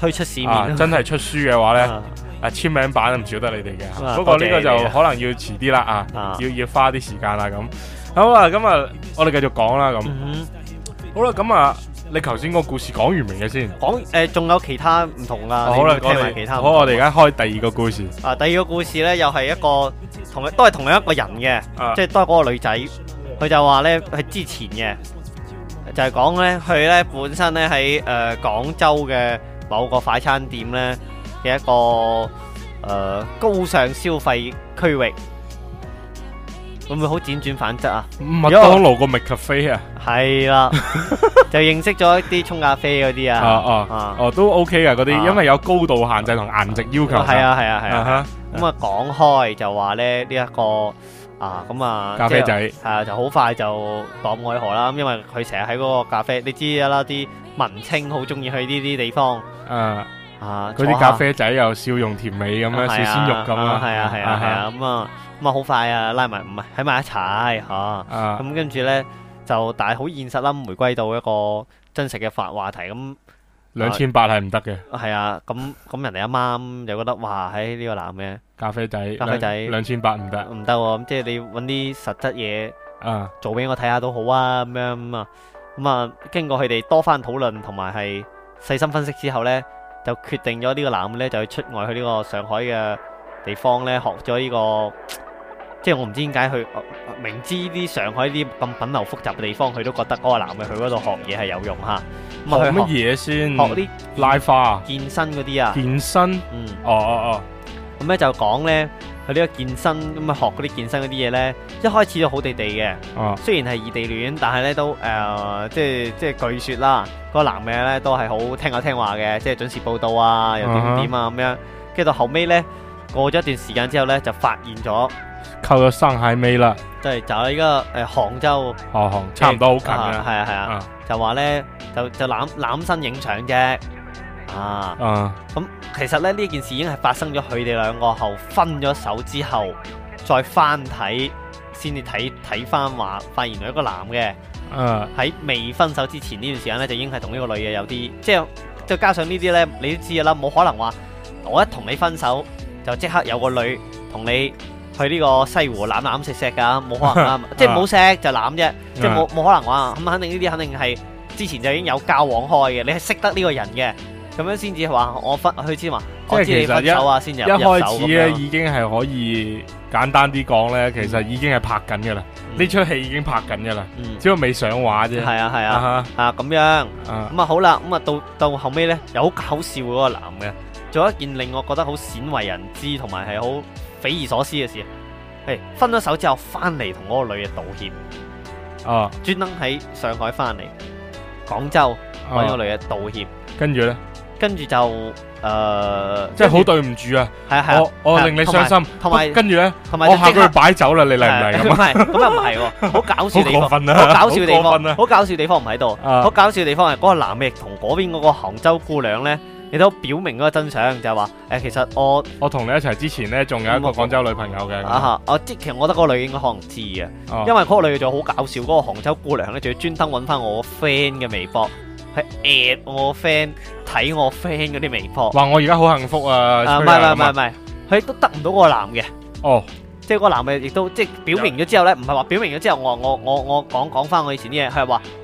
推出市面、啊啊，真係出書嘅話咧，啊簽、啊、名版唔少得你哋嘅。啊、不過呢個就可能要遲啲啦，啊，啊要要花啲時間啦。咁、啊、好啊，咁啊，我哋繼續講啦，咁、嗯。嗯好啦，咁啊，你頭先個故事講完未嘅先？講誒，仲、呃、有其他唔同啊？好啦，有有聽埋其他。好，我哋而家開第二個故事。啊，第二個故事咧，又係一個同都係同樣一個人嘅，啊、即係都係嗰個女仔。佢就話咧，係之前嘅，就係講咧，佢咧本身咧喺誒廣州嘅某個快餐店咧嘅一個誒、呃、高尚消費區域。會唔會好輾轉反側啊？麥當勞個麥咖啡啊，係啦，就認識咗一啲沖咖啡嗰啲啊，啊啊哦都 OK 啊嗰啲，因為有高度限制同顏值要求。係啊係啊係啊。咁啊，講開就話咧，呢一個啊咁啊咖啡仔係就好快就墮愛河啦，因為佢成日喺嗰個咖啡，你知啦，啲文青好中意去呢啲地方。嗯啊，啲咖啡仔又笑容甜美咁樣，小鮮肉咁啊，係啊係啊係啊咁啊。咁啊，好快啊，拉埋唔係喺埋一齊吓，咁跟住呢就但係好現實啦，回歸到一個真實嘅話話題，咁兩千八係唔得嘅，係啊，咁咁人哋啱啱又覺得哇，喺呢個男嘅咖啡仔，咖啡仔兩千八唔得，唔得喎，咁即係你揾啲實質嘢啊，做俾我睇下都好啊，咁樣咁啊，咁啊，經過佢哋多番討論同埋係細心分析之後呢，就決定咗呢個男呢就出外去呢個上海嘅地方呢學咗呢個。即係我唔知點解，佢明知啲上海啲咁品流複雜嘅地方，佢都覺得嗰個男嘅去嗰度學嘢係有用嚇。啊嗯、學乜嘢先？學啲拉花法、健身嗰啲啊？健身嗯，哦哦哦、嗯。咁咧就講咧佢呢個健身咁啊，學嗰啲健身嗰啲嘢咧，一開始都好地地嘅。哦，啊、雖然係異地戀，但係咧都誒、呃，即係即係據説啦。嗰、嗰個男嘅咧都係好聽教聽話嘅，即係準時報到啊，又點點啊咁樣。跟住到後尾咧過咗一段時間之後咧，就發現咗。靠咗上海尾啦，就係就係依個誒、呃、杭州，杭杭差唔多好近係啊係啊，啊啊啊就話咧就就攬攬身影相啫。啊，咁、啊嗯、其實咧呢件事已經係發生咗佢哋兩個後分咗手之後再翻睇先至睇睇翻話發現另一個男嘅，喺、啊、未分手之前呢段時間咧就已經係同呢個女嘅有啲即係即係加上呢啲咧，你都知㗎啦，冇可能話我一同你分手就即刻有個女同你。去呢個西湖攬攬錫錫噶，冇可能啊！ 即係冇錫就攬啫， 即係冇冇可能哇！咁肯定呢啲肯定係之前就已經有交往開嘅，你係識得呢個人嘅，咁樣先至話我分去簽嘛，知即是我知你分手啊先有一開始咧已經係可以簡單啲講咧，嗯、其實已經係拍緊嘅啦，呢出戲已經拍緊嘅啦，嗯、只係未上畫啫。係啊係啊啊咁、啊、樣，咁啊、嗯、好啦，咁啊到到後尾咧又好搞笑，嗰個男嘅，做一件令我覺得好鮮為人知同埋係好。匪夷所思嘅事，誒，分咗手之後翻嚟同嗰個女嘅道歉，哦，專登喺上海翻嚟，廣州揾個女嘅道歉，跟住咧，跟住就誒，即係好對唔住啊，係啊係啊，我我令你傷心，同埋跟住咧，我下佢擺酒啦，你嚟唔嚟咁啊？唔係，咁又唔係喎，好搞笑地方，好過分啦，好搞笑地方，好搞笑地方唔喺度，好搞笑地方係嗰個男嘅同嗰邊嗰個杭州姑娘咧。亦都表明嗰個真相，就係話誒，其實我我同你一齊之前咧，仲有一個廣州女朋友嘅。嗰個、啊嚇！我即其實我覺得嗰個女應該可能知嘅，哦、因為嗰個女就好搞笑，嗰、嗰個杭州姑娘咧仲要專登揾翻我 friend 嘅微博去 at 我 friend 睇我 friend 嗰啲微博。微博哇！我而家好幸福啊！啊，唔係唔係唔係，佢都樣得唔到嗰個男嘅。哦即，即係嗰個男嘅亦都即係表明咗之後咧，唔係話表明咗之後我，我我我我講講翻我以前啲嘢佢係話。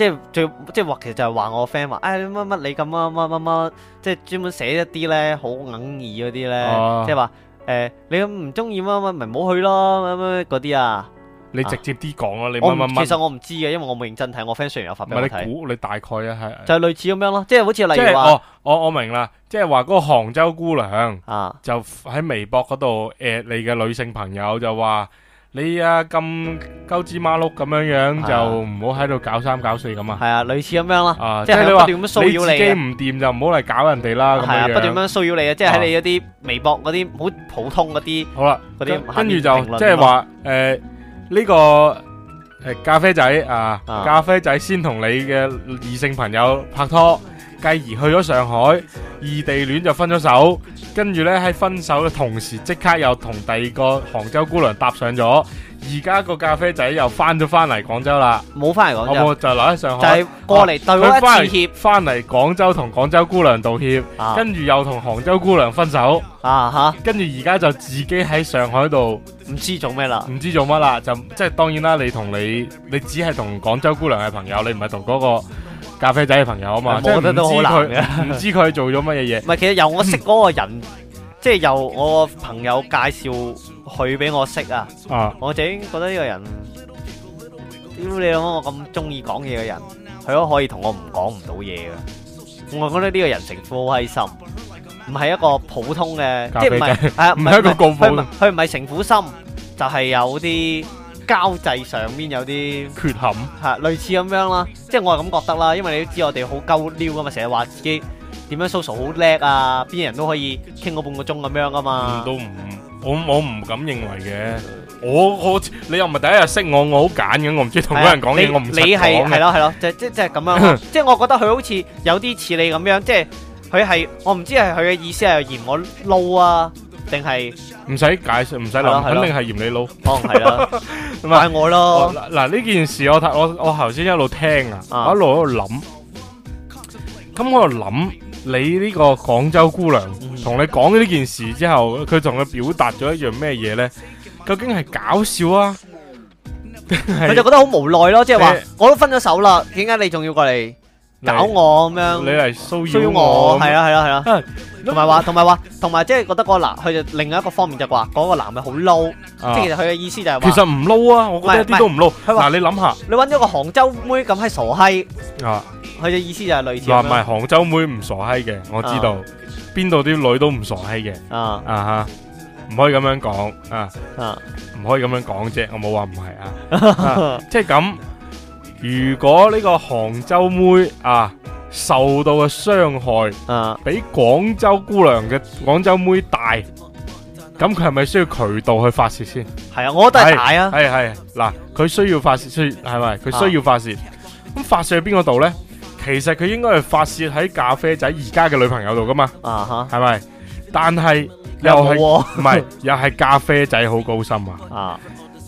即係最即係話，其實就係話我 friend 話，哎，乜乜你咁啊，乜乜乜，即係專門寫一啲咧好硬耳嗰啲咧，即係話誒，你咁唔中意乜乜，咪唔好去咯，乜乜嗰啲啊。你直接啲講啊，你乜乜。我其實我唔知嘅，因為我冇認真睇，我 friend 雖然有發俾我睇。唔係你估你大概啊，係就類似咁樣咯、就是，即係好似例如話。我我明啦，即係話嗰個杭州姑娘啊，就喺微博嗰度 at 你嘅女性朋友就話。你啊，咁鳩之馬碌咁樣樣就唔好喺度搞三搞四咁啊！係啊，類似咁樣咯。啊，即係喺度不斷咁騷擾你。自己唔掂就唔好嚟搞人哋啦。係啊，不斷咁樣騷擾你啊！即係喺你嗰啲微博嗰啲好普通嗰啲。好啦，嗰啲跟住就即係話誒呢個誒咖啡仔啊咖啡仔先同你嘅異性朋友拍拖。繼而去咗上海，異地戀就分咗手，跟住呢，喺分手嘅同時，即刻又同第二個杭州姑娘搭上咗。而家個咖啡仔又翻咗翻嚟廣州啦，冇翻嚟廣州我就留喺上海，就係過嚟對嗰一次歉，翻嚟廣州同廣州姑娘道歉，跟住又同杭州姑娘分手啊吓哈，跟住而家就自己喺上海度唔知做咩啦，唔知做乜啦，就即係當然啦，你同你你只係同廣州姑娘係朋友，你唔係同嗰個。咖啡仔嘅朋友啊嘛，我覺得都好難。唔知佢做咗乜嘢嘢。唔係，其實由我識嗰個人，即係由我朋友介紹佢俾我識啊。啊，我自己覺得呢個人，屌你老母！我咁中意講嘢嘅人，佢都可以同我唔講唔到嘢嘅。我覺得呢個人城府好深，唔係一個普通嘅，即係唔係啊？唔係一個高峯啦，佢唔係城府深，就係有啲交際上面有啲缺陷，係類似咁樣啦，憾即係我係咁覺得啦，因為你都知我哋好鳩撩噶嘛，成日話自己點樣 social 好叻啊，邊人都可以傾個半個鐘咁樣噶、啊、嘛。都唔，我我唔敢認為嘅，我我你又唔係第一日識我，我好揀嘅，我唔知同邊人講呢我唔知。你你係係咯係咯，即係即係、 即係即係咁樣，即係我覺得佢好似有啲似你咁樣，即係佢係我唔知係佢嘅意思係嫌我撈啊。定係唔使解釋，唔使諗，肯定係嫌你老。可能係啊，咪係我咯。嗱，呢件事我睇，我我頭先一路聽啊，我一路喺度諗。咁我度諗，你呢個廣州姑娘同你講呢件事之後，佢同佢表達咗一樣咩嘢咧？究竟係搞笑啊？佢就覺得好無奈咯，即係話我都分咗手啦，點解你仲要過嚟？搞我咁樣，你嚟騷擾我，係啊係啊係啊，同埋話，同埋話，同埋即係覺得個男，佢就另一個方面就話嗰個男嘅，好嬲，即係其實佢嘅意思就係其實唔嬲啊，我覺得一啲都唔嬲。嗱，你諗下，你揾咗個杭州妹咁係傻閪啊？佢嘅意思就係類似話，唔係杭州妹唔傻閪嘅，我知道邊度啲女都唔傻閪嘅。啊，啊，吓，唔可以咁樣講啊啊，唔可以咁樣講啫，我冇話唔係啊，即係咁。如果呢個杭州妹啊受到嘅傷害，啊，比廣州姑娘嘅廣州妹大，咁佢係咪需要渠道去發洩先？係啊，我都係大啊。係係嗱，佢需要發洩，係咪佢需要發洩？咁、啊、發洩喺邊個度咧？其實佢應該係發洩喺咖啡仔而家嘅女朋友度噶嘛。啊哈，係咪？但係又係唔係？又係咖啡仔好高深啊。啊。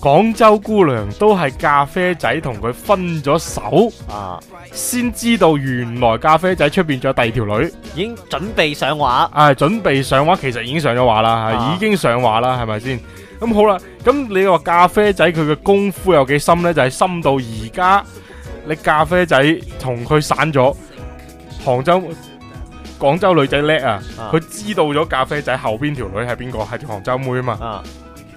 廣州姑娘都係咖啡仔同佢分咗手啊，先知道原來咖啡仔出邊仲有第二條女，已經準備上畫。啊，準備上畫，其實已經上咗畫啦，啊、已經上畫啦，係咪先？咁好啦，咁你話咖啡仔佢嘅功夫有幾深呢？就係、係、深到而家，你咖啡仔同佢散咗，杭州、廣州女仔叻啊，佢、啊、知道咗咖啡仔後邊條女係邊個，係條杭州妹啊嘛。啊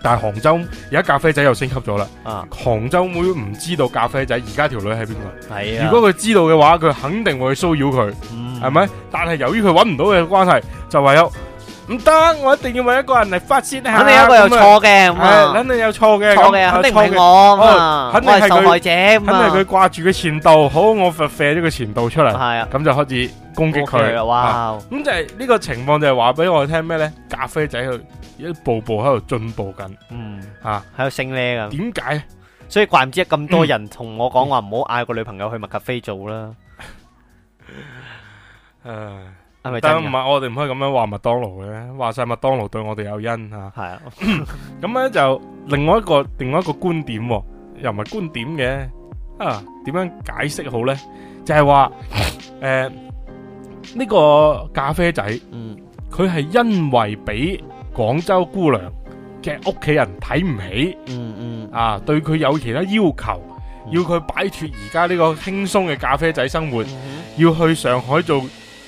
但係杭州而家咖啡仔又升級咗啦。啊，杭州妹唔知道咖啡仔而家條女喺邊度，係啊，如果佢知道嘅話，佢肯定會去騷擾佢，係咪？但係由於佢揾唔到嘅關係，就唯有唔得。我一定要揾一個人嚟發洩一下。肯定有一個有錯嘅，肯定有錯嘅，錯嘅肯定係我啊，肯定係受害者啊，肯定佢掛住佢前度。好，我就廢咗佢前度出嚟。係啊，咁就開始。攻擊佢，哇！咁就係呢個情況，就係話俾我聽咩咧？咖啡仔佢一步步喺度進步緊，嗯，吓喺度升 level 啊！點解？所以怪唔之得咁多人同我講話唔好嗌個女朋友去麥咖啡做啦。誒，係咪？但係唔係我哋唔可以咁樣話麥當勞嘅，話晒麥當勞對我哋有恩啊。係啊，咁咧就另外一個另外一個觀點喎，又唔係觀點嘅啊？點樣解釋好咧？就係話誒。呢個咖啡仔，佢係因為俾廣州姑娘嘅屋企人睇唔起，嗯嗯、啊，對佢有其他要求，嗯、要佢擺脫而家呢個輕鬆嘅咖啡仔生活，嗯嗯、要去上海做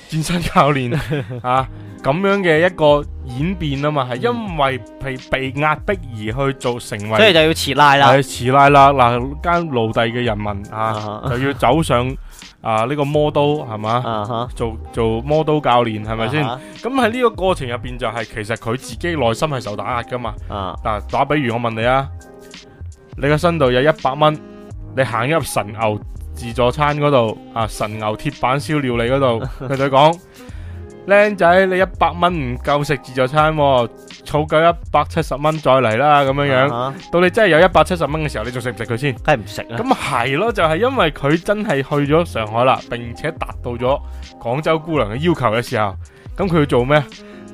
健身教練、嗯、啊，咁樣嘅一個演變啊嘛，係因為被被壓迫而去做成為，所以就要遲拉啦，係遲拉啦，嗱、啊，間奴隸嘅人民啊，就要走上。啊！呢、這個 model 係嘛？做做 model 教練係咪先？咁喺呢個過程入邊就係、是，其實佢自己內心係受打壓噶嘛。嗱、uh huh. 啊，打比如我問你啊，你個身度有一百蚊，你行入神牛自助餐嗰度啊，神牛鐵板燒料理嗰度，佢就講。Huh. 靚仔，你一百蚊唔夠食自助餐，哦，儲夠一百七十蚊再嚟啦咁樣樣。Uh huh. 到你真係有一百七十蚊嘅時候，你仲食唔食佢先？梗係唔食啦。咁啊係咯，就係、是、因為佢真係去咗上海啦，並且達到咗廣州姑娘嘅要求嘅時候，咁佢要做咩？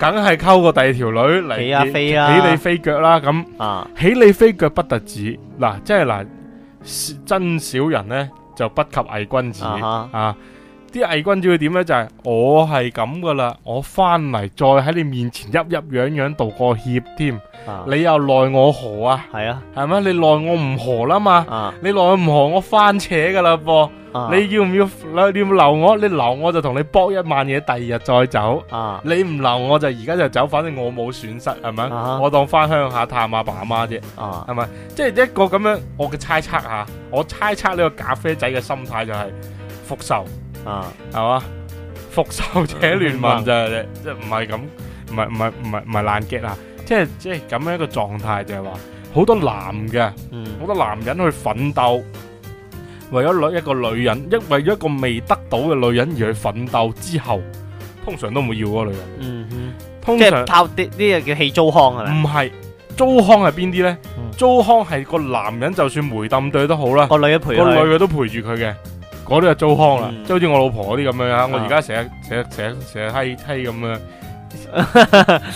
梗係溝個第二條女嚟，起，啊飛啊起你飛腳啦咁、嗯。啊，起你飛腳不特止，嗱，即係嗱，真小人呢，就不及偽君子、uh huh. 啊。啲偽君主會點咧，就係、是、我係咁噶啦，我翻嚟再喺你面前一一樣樣道個歉添，啊、你又奈我何啊？係啊，係咩？你奈我唔何啦嘛，啊、你奈我唔何，我翻扯噶啦噃。啊、你要唔要？你要留我？你留我就同你搏一晚嘢，第二日再走。啊、你唔留我就而家就走，反正我冇損失，係咪？啊、我當翻鄉下探下爸媽啫，係咪、啊？即係、就是、一個咁樣，我嘅猜測嚇，我猜測呢個咖啡仔嘅心態就係復仇。啊，係嘛？復仇者聯盟就係咧，即係唔係咁，唔係唔係唔係唔係濫擊啦，即係即係咁樣一個狀態就係話，好多男嘅，好多男人去奮鬥，為咗女一個女人，一為咗一個未得到嘅女人而去奮鬥之後，通常都唔會要嗰個女人，嗯，通常靠啲呢個叫棄租康啊，唔係租康係邊啲咧？租康係個男人就算梅冧對都好啦，個女人陪，個女嘅都陪住佢嘅。嗰啲就糟糠啦，即係好似我老婆嗰啲咁樣吓，我而家成日成日成日成日嘿嘿咁樣，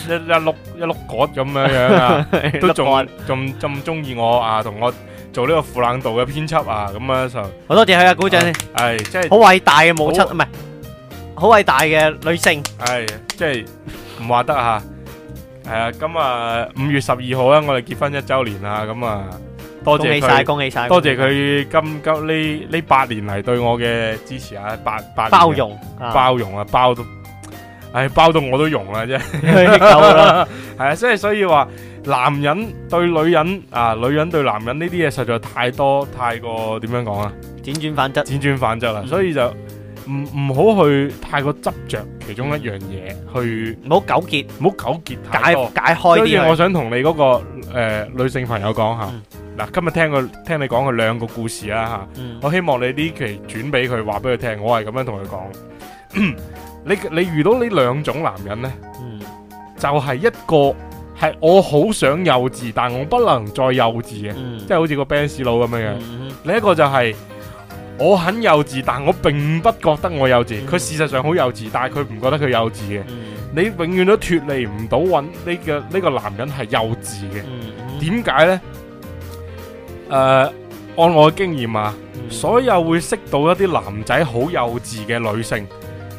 一一碌一碌果咁樣樣啊，都仲咁咁中意我啊，同我做呢個腐爛道嘅編輯啊，咁啊就好多謝啊古井，係即係好偉大嘅母親唔係，好偉大嘅女性，係即係唔話得吓，係啊，今啊五月十二號咧，我哋結婚一周年啦，咁啊。多謝晒，恭喜晒，恭喜晒！多謝佢今今呢呢八年嚟對我嘅支持啊，八八包容包容啊，包唉包到我都溶啦，真係夠啦。係啊，即係所以話，男人對女人啊，女人對男人呢啲嘢實在太多，太過點樣講啊？輾轉反側，輾轉反側啦，所以就唔唔好去太過執着其中一樣嘢去，唔好糾結，唔好糾結，解解開啲。所以我想同你嗰個誒女性朋友講下。嗱，今日聽佢聽你講佢兩個故事啦吓，啊嗯、我希望你呢期轉俾佢，話俾佢聽。我係咁樣同佢講，你你遇到呢兩種男人呢，嗯、就係一個係我好想幼稚，但我不能再幼稚嘅，嗯、即係好似個 band 佬咁樣嘅。另、嗯嗯、一個就係、是、我很幼稚，但我並不覺得我幼稚。佢、嗯嗯、事實上好幼稚，但係佢唔覺得佢幼稚嘅。嗯嗯，你永遠都脫離唔到揾呢個呢、呢個呢個男人係幼稚嘅。點解呢？誒，uh, 按我嘅經驗啊，嗯、所有會識到一啲男仔好幼稚嘅女性，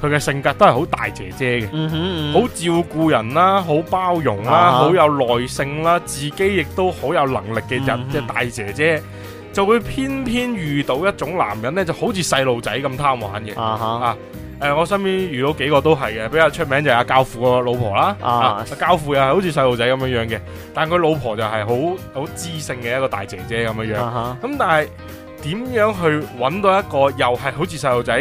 佢嘅性格都係好大姐姐嘅，好、嗯嗯、照顧人啦、啊，好包容啦、啊，好、啊、哈有耐性啦、啊，自己亦都好有能力嘅人，即係、嗯、哼大姐姐，就會偏偏遇到一種男人呢，就好似細路仔咁貪玩嘅啊，哈啊。誒、呃，我身邊遇到幾個都係嘅，比較出名就係阿教父個老婆啦、啊。啊、啊，教父又係好似細路仔咁樣樣嘅，但佢老婆就係好好知性嘅一個大姐姐咁樣樣。咁、uh huh. 但係點樣去揾到一個又係好似細路仔，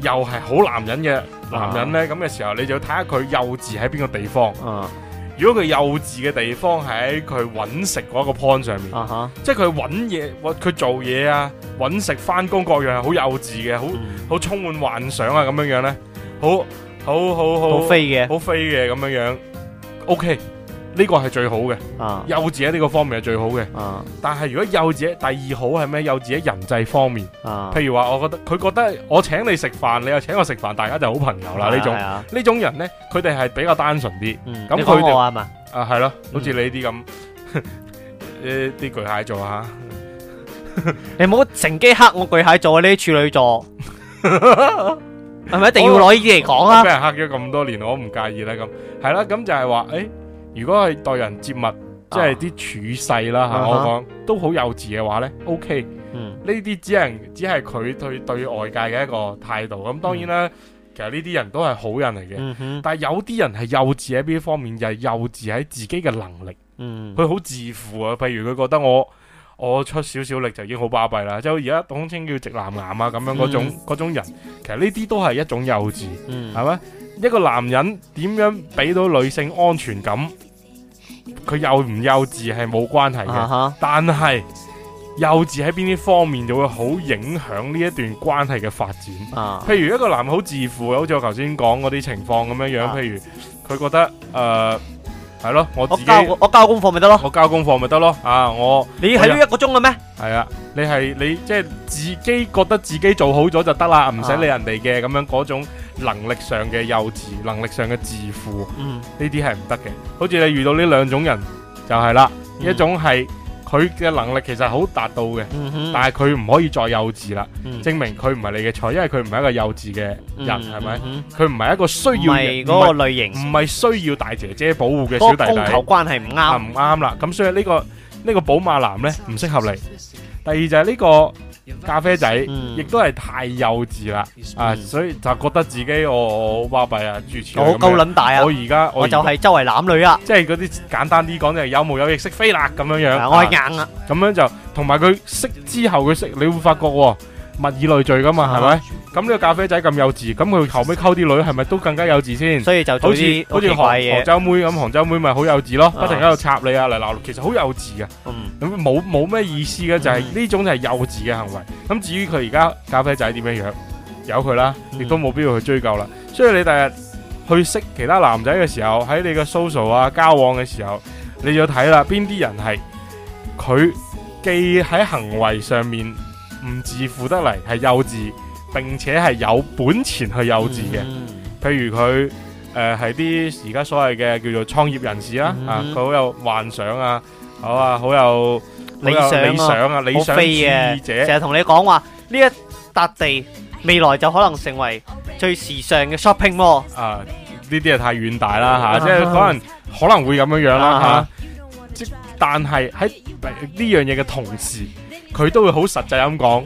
又係好男人嘅男人呢？咁嘅、uh huh. 時候，你就要睇下佢幼稚喺邊個地方。嗯、uh。Huh. 如果佢幼稚嘅地方喺佢揾食嗰一個 point 上面，uh huh. 即係佢揾嘢，佢做嘢啊，揾食翻工各樣係好幼稚嘅，好好充滿幻想啊，咁樣樣呢，好好好好飛嘅，好飛嘅咁樣樣，OK。呢個係最好嘅，啊，幼稚喺呢個方面係最好嘅，啊。但係如果幼稚，第二好係咩？幼稚喺人際方面，啊。譬如話，我覺得佢覺得我請你食飯，你又請我食飯，大家就好朋友啦。呢種呢種人咧，佢哋係比較單純啲。嗯，咁佢哋啊係咯，好似你啲咁，啲巨蟹座吓，你唔好乘機黑我巨蟹座啊！呢啲處女座係咪一定要攞呢啲嚟講啊？俾人黑咗咁多年，我唔介意啦。咁係啦，咁就係話誒。如果係待人接物，即係啲處世啦嚇，uh huh. 我講都好幼稚嘅話呢，OK，呢啲只能只係佢對對外界嘅一個態度。咁當然啦，mm. 其實呢啲人都係好人嚟嘅，mm hmm. 但係有啲人係幼稚喺邊一方面，就係、是、幼稚喺自己嘅能力。佢好、mm. 自負啊，譬如佢覺得我我出少少力就已經好巴閉啦，即係而家統稱叫直男癌啊咁樣嗰種嗰、mm. 種人，其實呢啲都係一種幼稚，係咪、mm. mm.？一個男人點樣俾到女性安全感，佢幼唔幼稚係冇關係嘅，uh huh. 但係幼稚喺邊啲方面就會好影響呢一段關係嘅發展。Uh huh. 譬如一個男人好自負，好似我頭先講嗰啲情況咁樣樣，uh huh. 譬如佢覺得誒。呃係咯，我自己我交功課咪得咯，我交功課咪得咯，啊我你喺呢一個鐘嘅咩？係啊，你係你即係自己覺得自己做好咗就得啦，唔使、啊、理人哋嘅咁樣嗰種能力上嘅幼稚，能力上嘅自負，嗯，呢啲係唔得嘅。好似你遇到呢兩種人就係、是、啦，嗯、一種係。佢嘅能力其實好達到嘅，嗯、哼但係佢唔可以再幼稚啦，嗯、證明佢唔係你嘅菜，因為佢唔係一個幼稚嘅人，係咪、嗯？佢唔係一個需要嗰個類型，唔係需要大姐姐保護嘅小弟弟，關係唔啱，唔啱啦。咁所以呢、呢個呢、呢個寶馬男呢，唔適合你。第二就係呢、呢個。咖啡仔、嗯、亦都係太幼稚啦，嗯、啊，所以就覺得自己我我巴閉啊，住錢我好高撚大啊，我而家我，我就係周圍攬女啊，即係嗰啲簡單啲講就係有毛有翼識飛啦咁樣樣，啊啊、我係硬啊，咁樣就同埋佢識之後佢識你會發覺、哦。物以類聚噶嘛，係咪、啊？咁呢個咖啡仔咁幼稚，咁佢後尾溝啲女係咪都更加幼稚先？所以就好似像好似杭州妹咁，杭州妹咪好幼稚咯，啊、不停喺度插你啊嚟鬧，其實好幼稚嘅、啊。咁冇冇咩意思嘅，嗯、就係呢種就係幼稚嘅行為。咁至於佢而家咖啡仔點樣樣，由佢啦，亦都冇必要去追究啦。嗯、所以你第日去識其他男仔嘅時候，喺你嘅 social 啊交往嘅時候，你要睇啦，邊啲人係佢既喺行為上面。唔自負得嚟，係幼稚，並且係有本錢去幼稚嘅。譬、嗯、如佢誒係啲而家所謂嘅叫做創業人士啦，嗯、啊，佢好有幻想啊，好啊，好有理想啊，理想，好飛嘅。成日同你講話呢一笪地未來就可能成為最時尚嘅 shopping mall 啊。啊，呢啲啊太遠大啦嚇，huh. 即係可能可能會咁樣樣啦嚇。Uh huh. 但係喺呢樣嘢嘅同時，佢都會好實際咁講，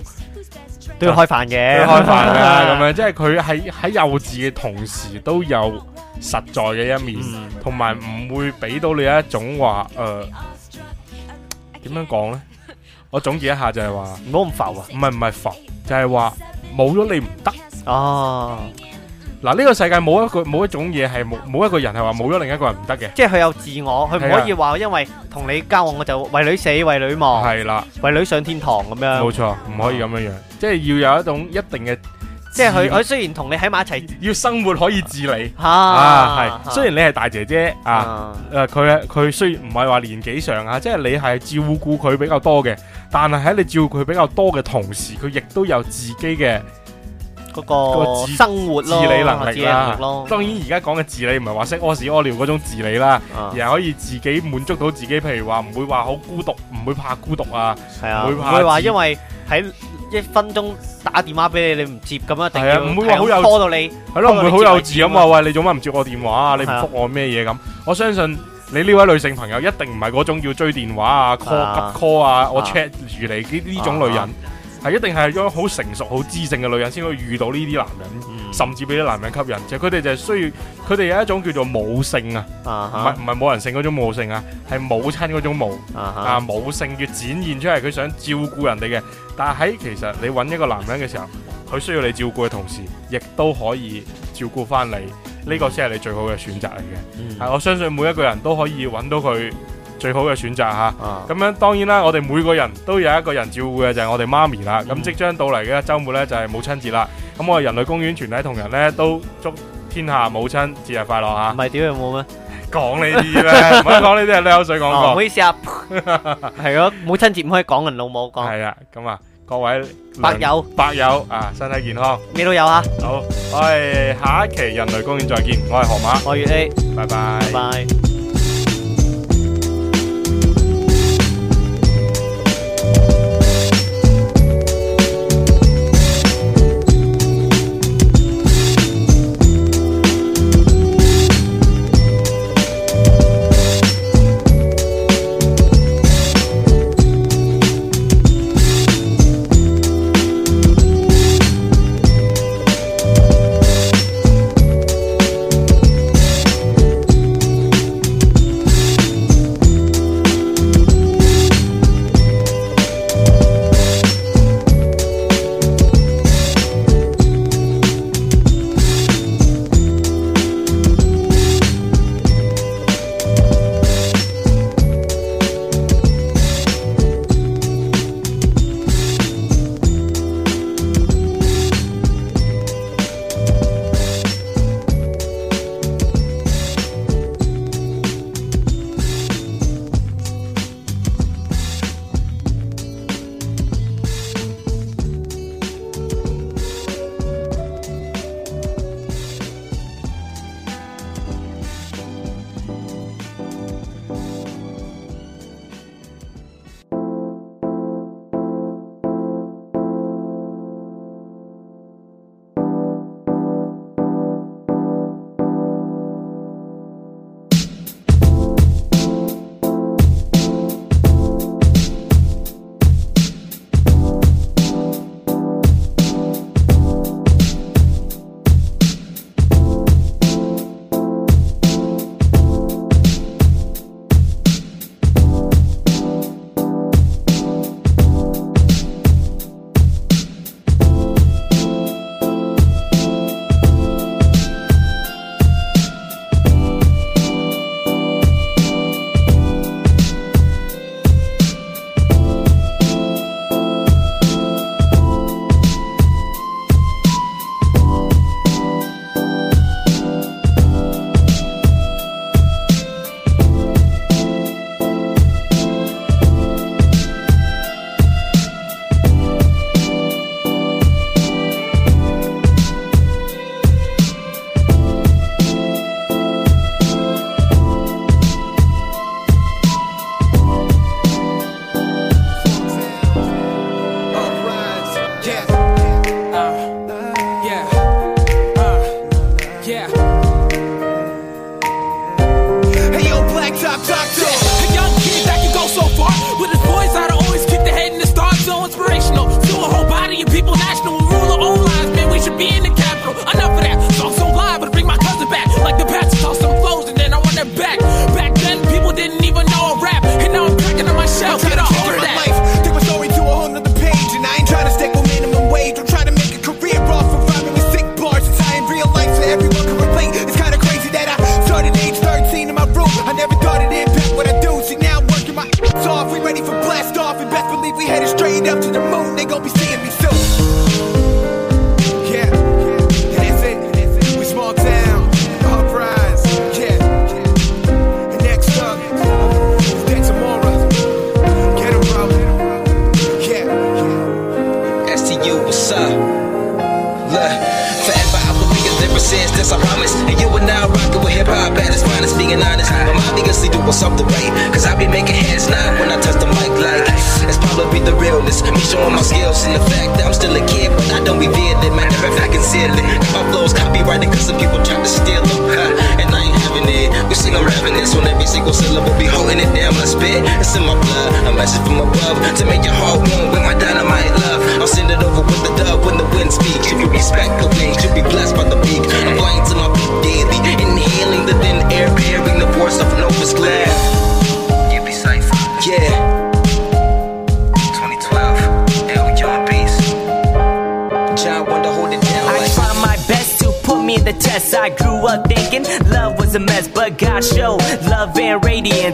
都要開飯嘅，開飯啦咁樣，即係佢喺喺幼稚嘅同時都有實在嘅一面，同埋唔會俾到你一種話誒點樣講咧？我總結一下就係話唔好咁浮啊，唔係唔係浮，就係話冇咗你唔得啊！嗱，呢個世界冇一個冇一種嘢，係冇冇一個人係話冇咗另一個人唔得嘅，即係佢有自我，佢唔可以話因為同你交往我就為女死為女亡，係啦，為女上天堂咁樣，冇錯，唔可以咁樣樣，即係要有一種一定嘅，即係佢佢雖然同你喺埋一齊，要生活可以自理啊，係、啊，啊啊、雖然你係大姐姐啊，誒、啊啊，佢佢雖然唔係話年紀上啊，即係你係照顧佢比較多嘅，但係喺你照顧佢比較多嘅同時，佢亦都有自己嘅。嗰個生活咯，自理能力啦，當然而家講嘅自理唔係話識屙屎屙尿嗰種自理啦，而係可以自己滿足到自己，譬如話唔會話好孤獨，唔會怕孤獨啊，唔會話因為喺一分鐘打電話俾你你唔接咁啊，唔會話好幼稚，係咯，唔會好幼稚咁啊。喂，你做乜唔接我電話啊，你唔覆我咩嘢咁？我相信你呢位女性朋友一定唔係嗰種要追電話啊 call 急 call 啊，我 check 住你呢種女人。係一定係一種好成熟、好知性嘅女人先可以遇到呢啲男人，嗯、甚至俾啲男人吸引。其實佢哋就係、是、需要，佢哋有一種叫做母性啊哈，唔係唔係冇人性嗰種母性啊，係母親嗰種母啊哈 母性嘅。展現出嚟，佢想照顧人哋嘅。但係喺其實你揾一個男人嘅時候，佢需要你照顧嘅同時，亦都可以照顧翻你，呢、這個先係你最好嘅選擇嚟嘅。係、嗯啊、我相信每一個人都可以揾到佢。最好嘅選擇嚇，咁樣當然啦，我哋每個人都有一個人照顧嘅就係我哋媽咪啦。咁即將到嚟嘅週末咧，就係母親節啦。咁我哋人類公園全體同仁咧都祝天下母親節日快樂嚇。唔係，屌又冇咩，講呢啲咧，唔可以講呢啲，你口水講過。唔好意思啊，係咯，母親節唔可以講人老母講。係啊，咁啊，各位百友百友啊，身體健康，咩都有嚇。好，我哋下一期人類公園再見，我係河馬，我係 A，拜拜。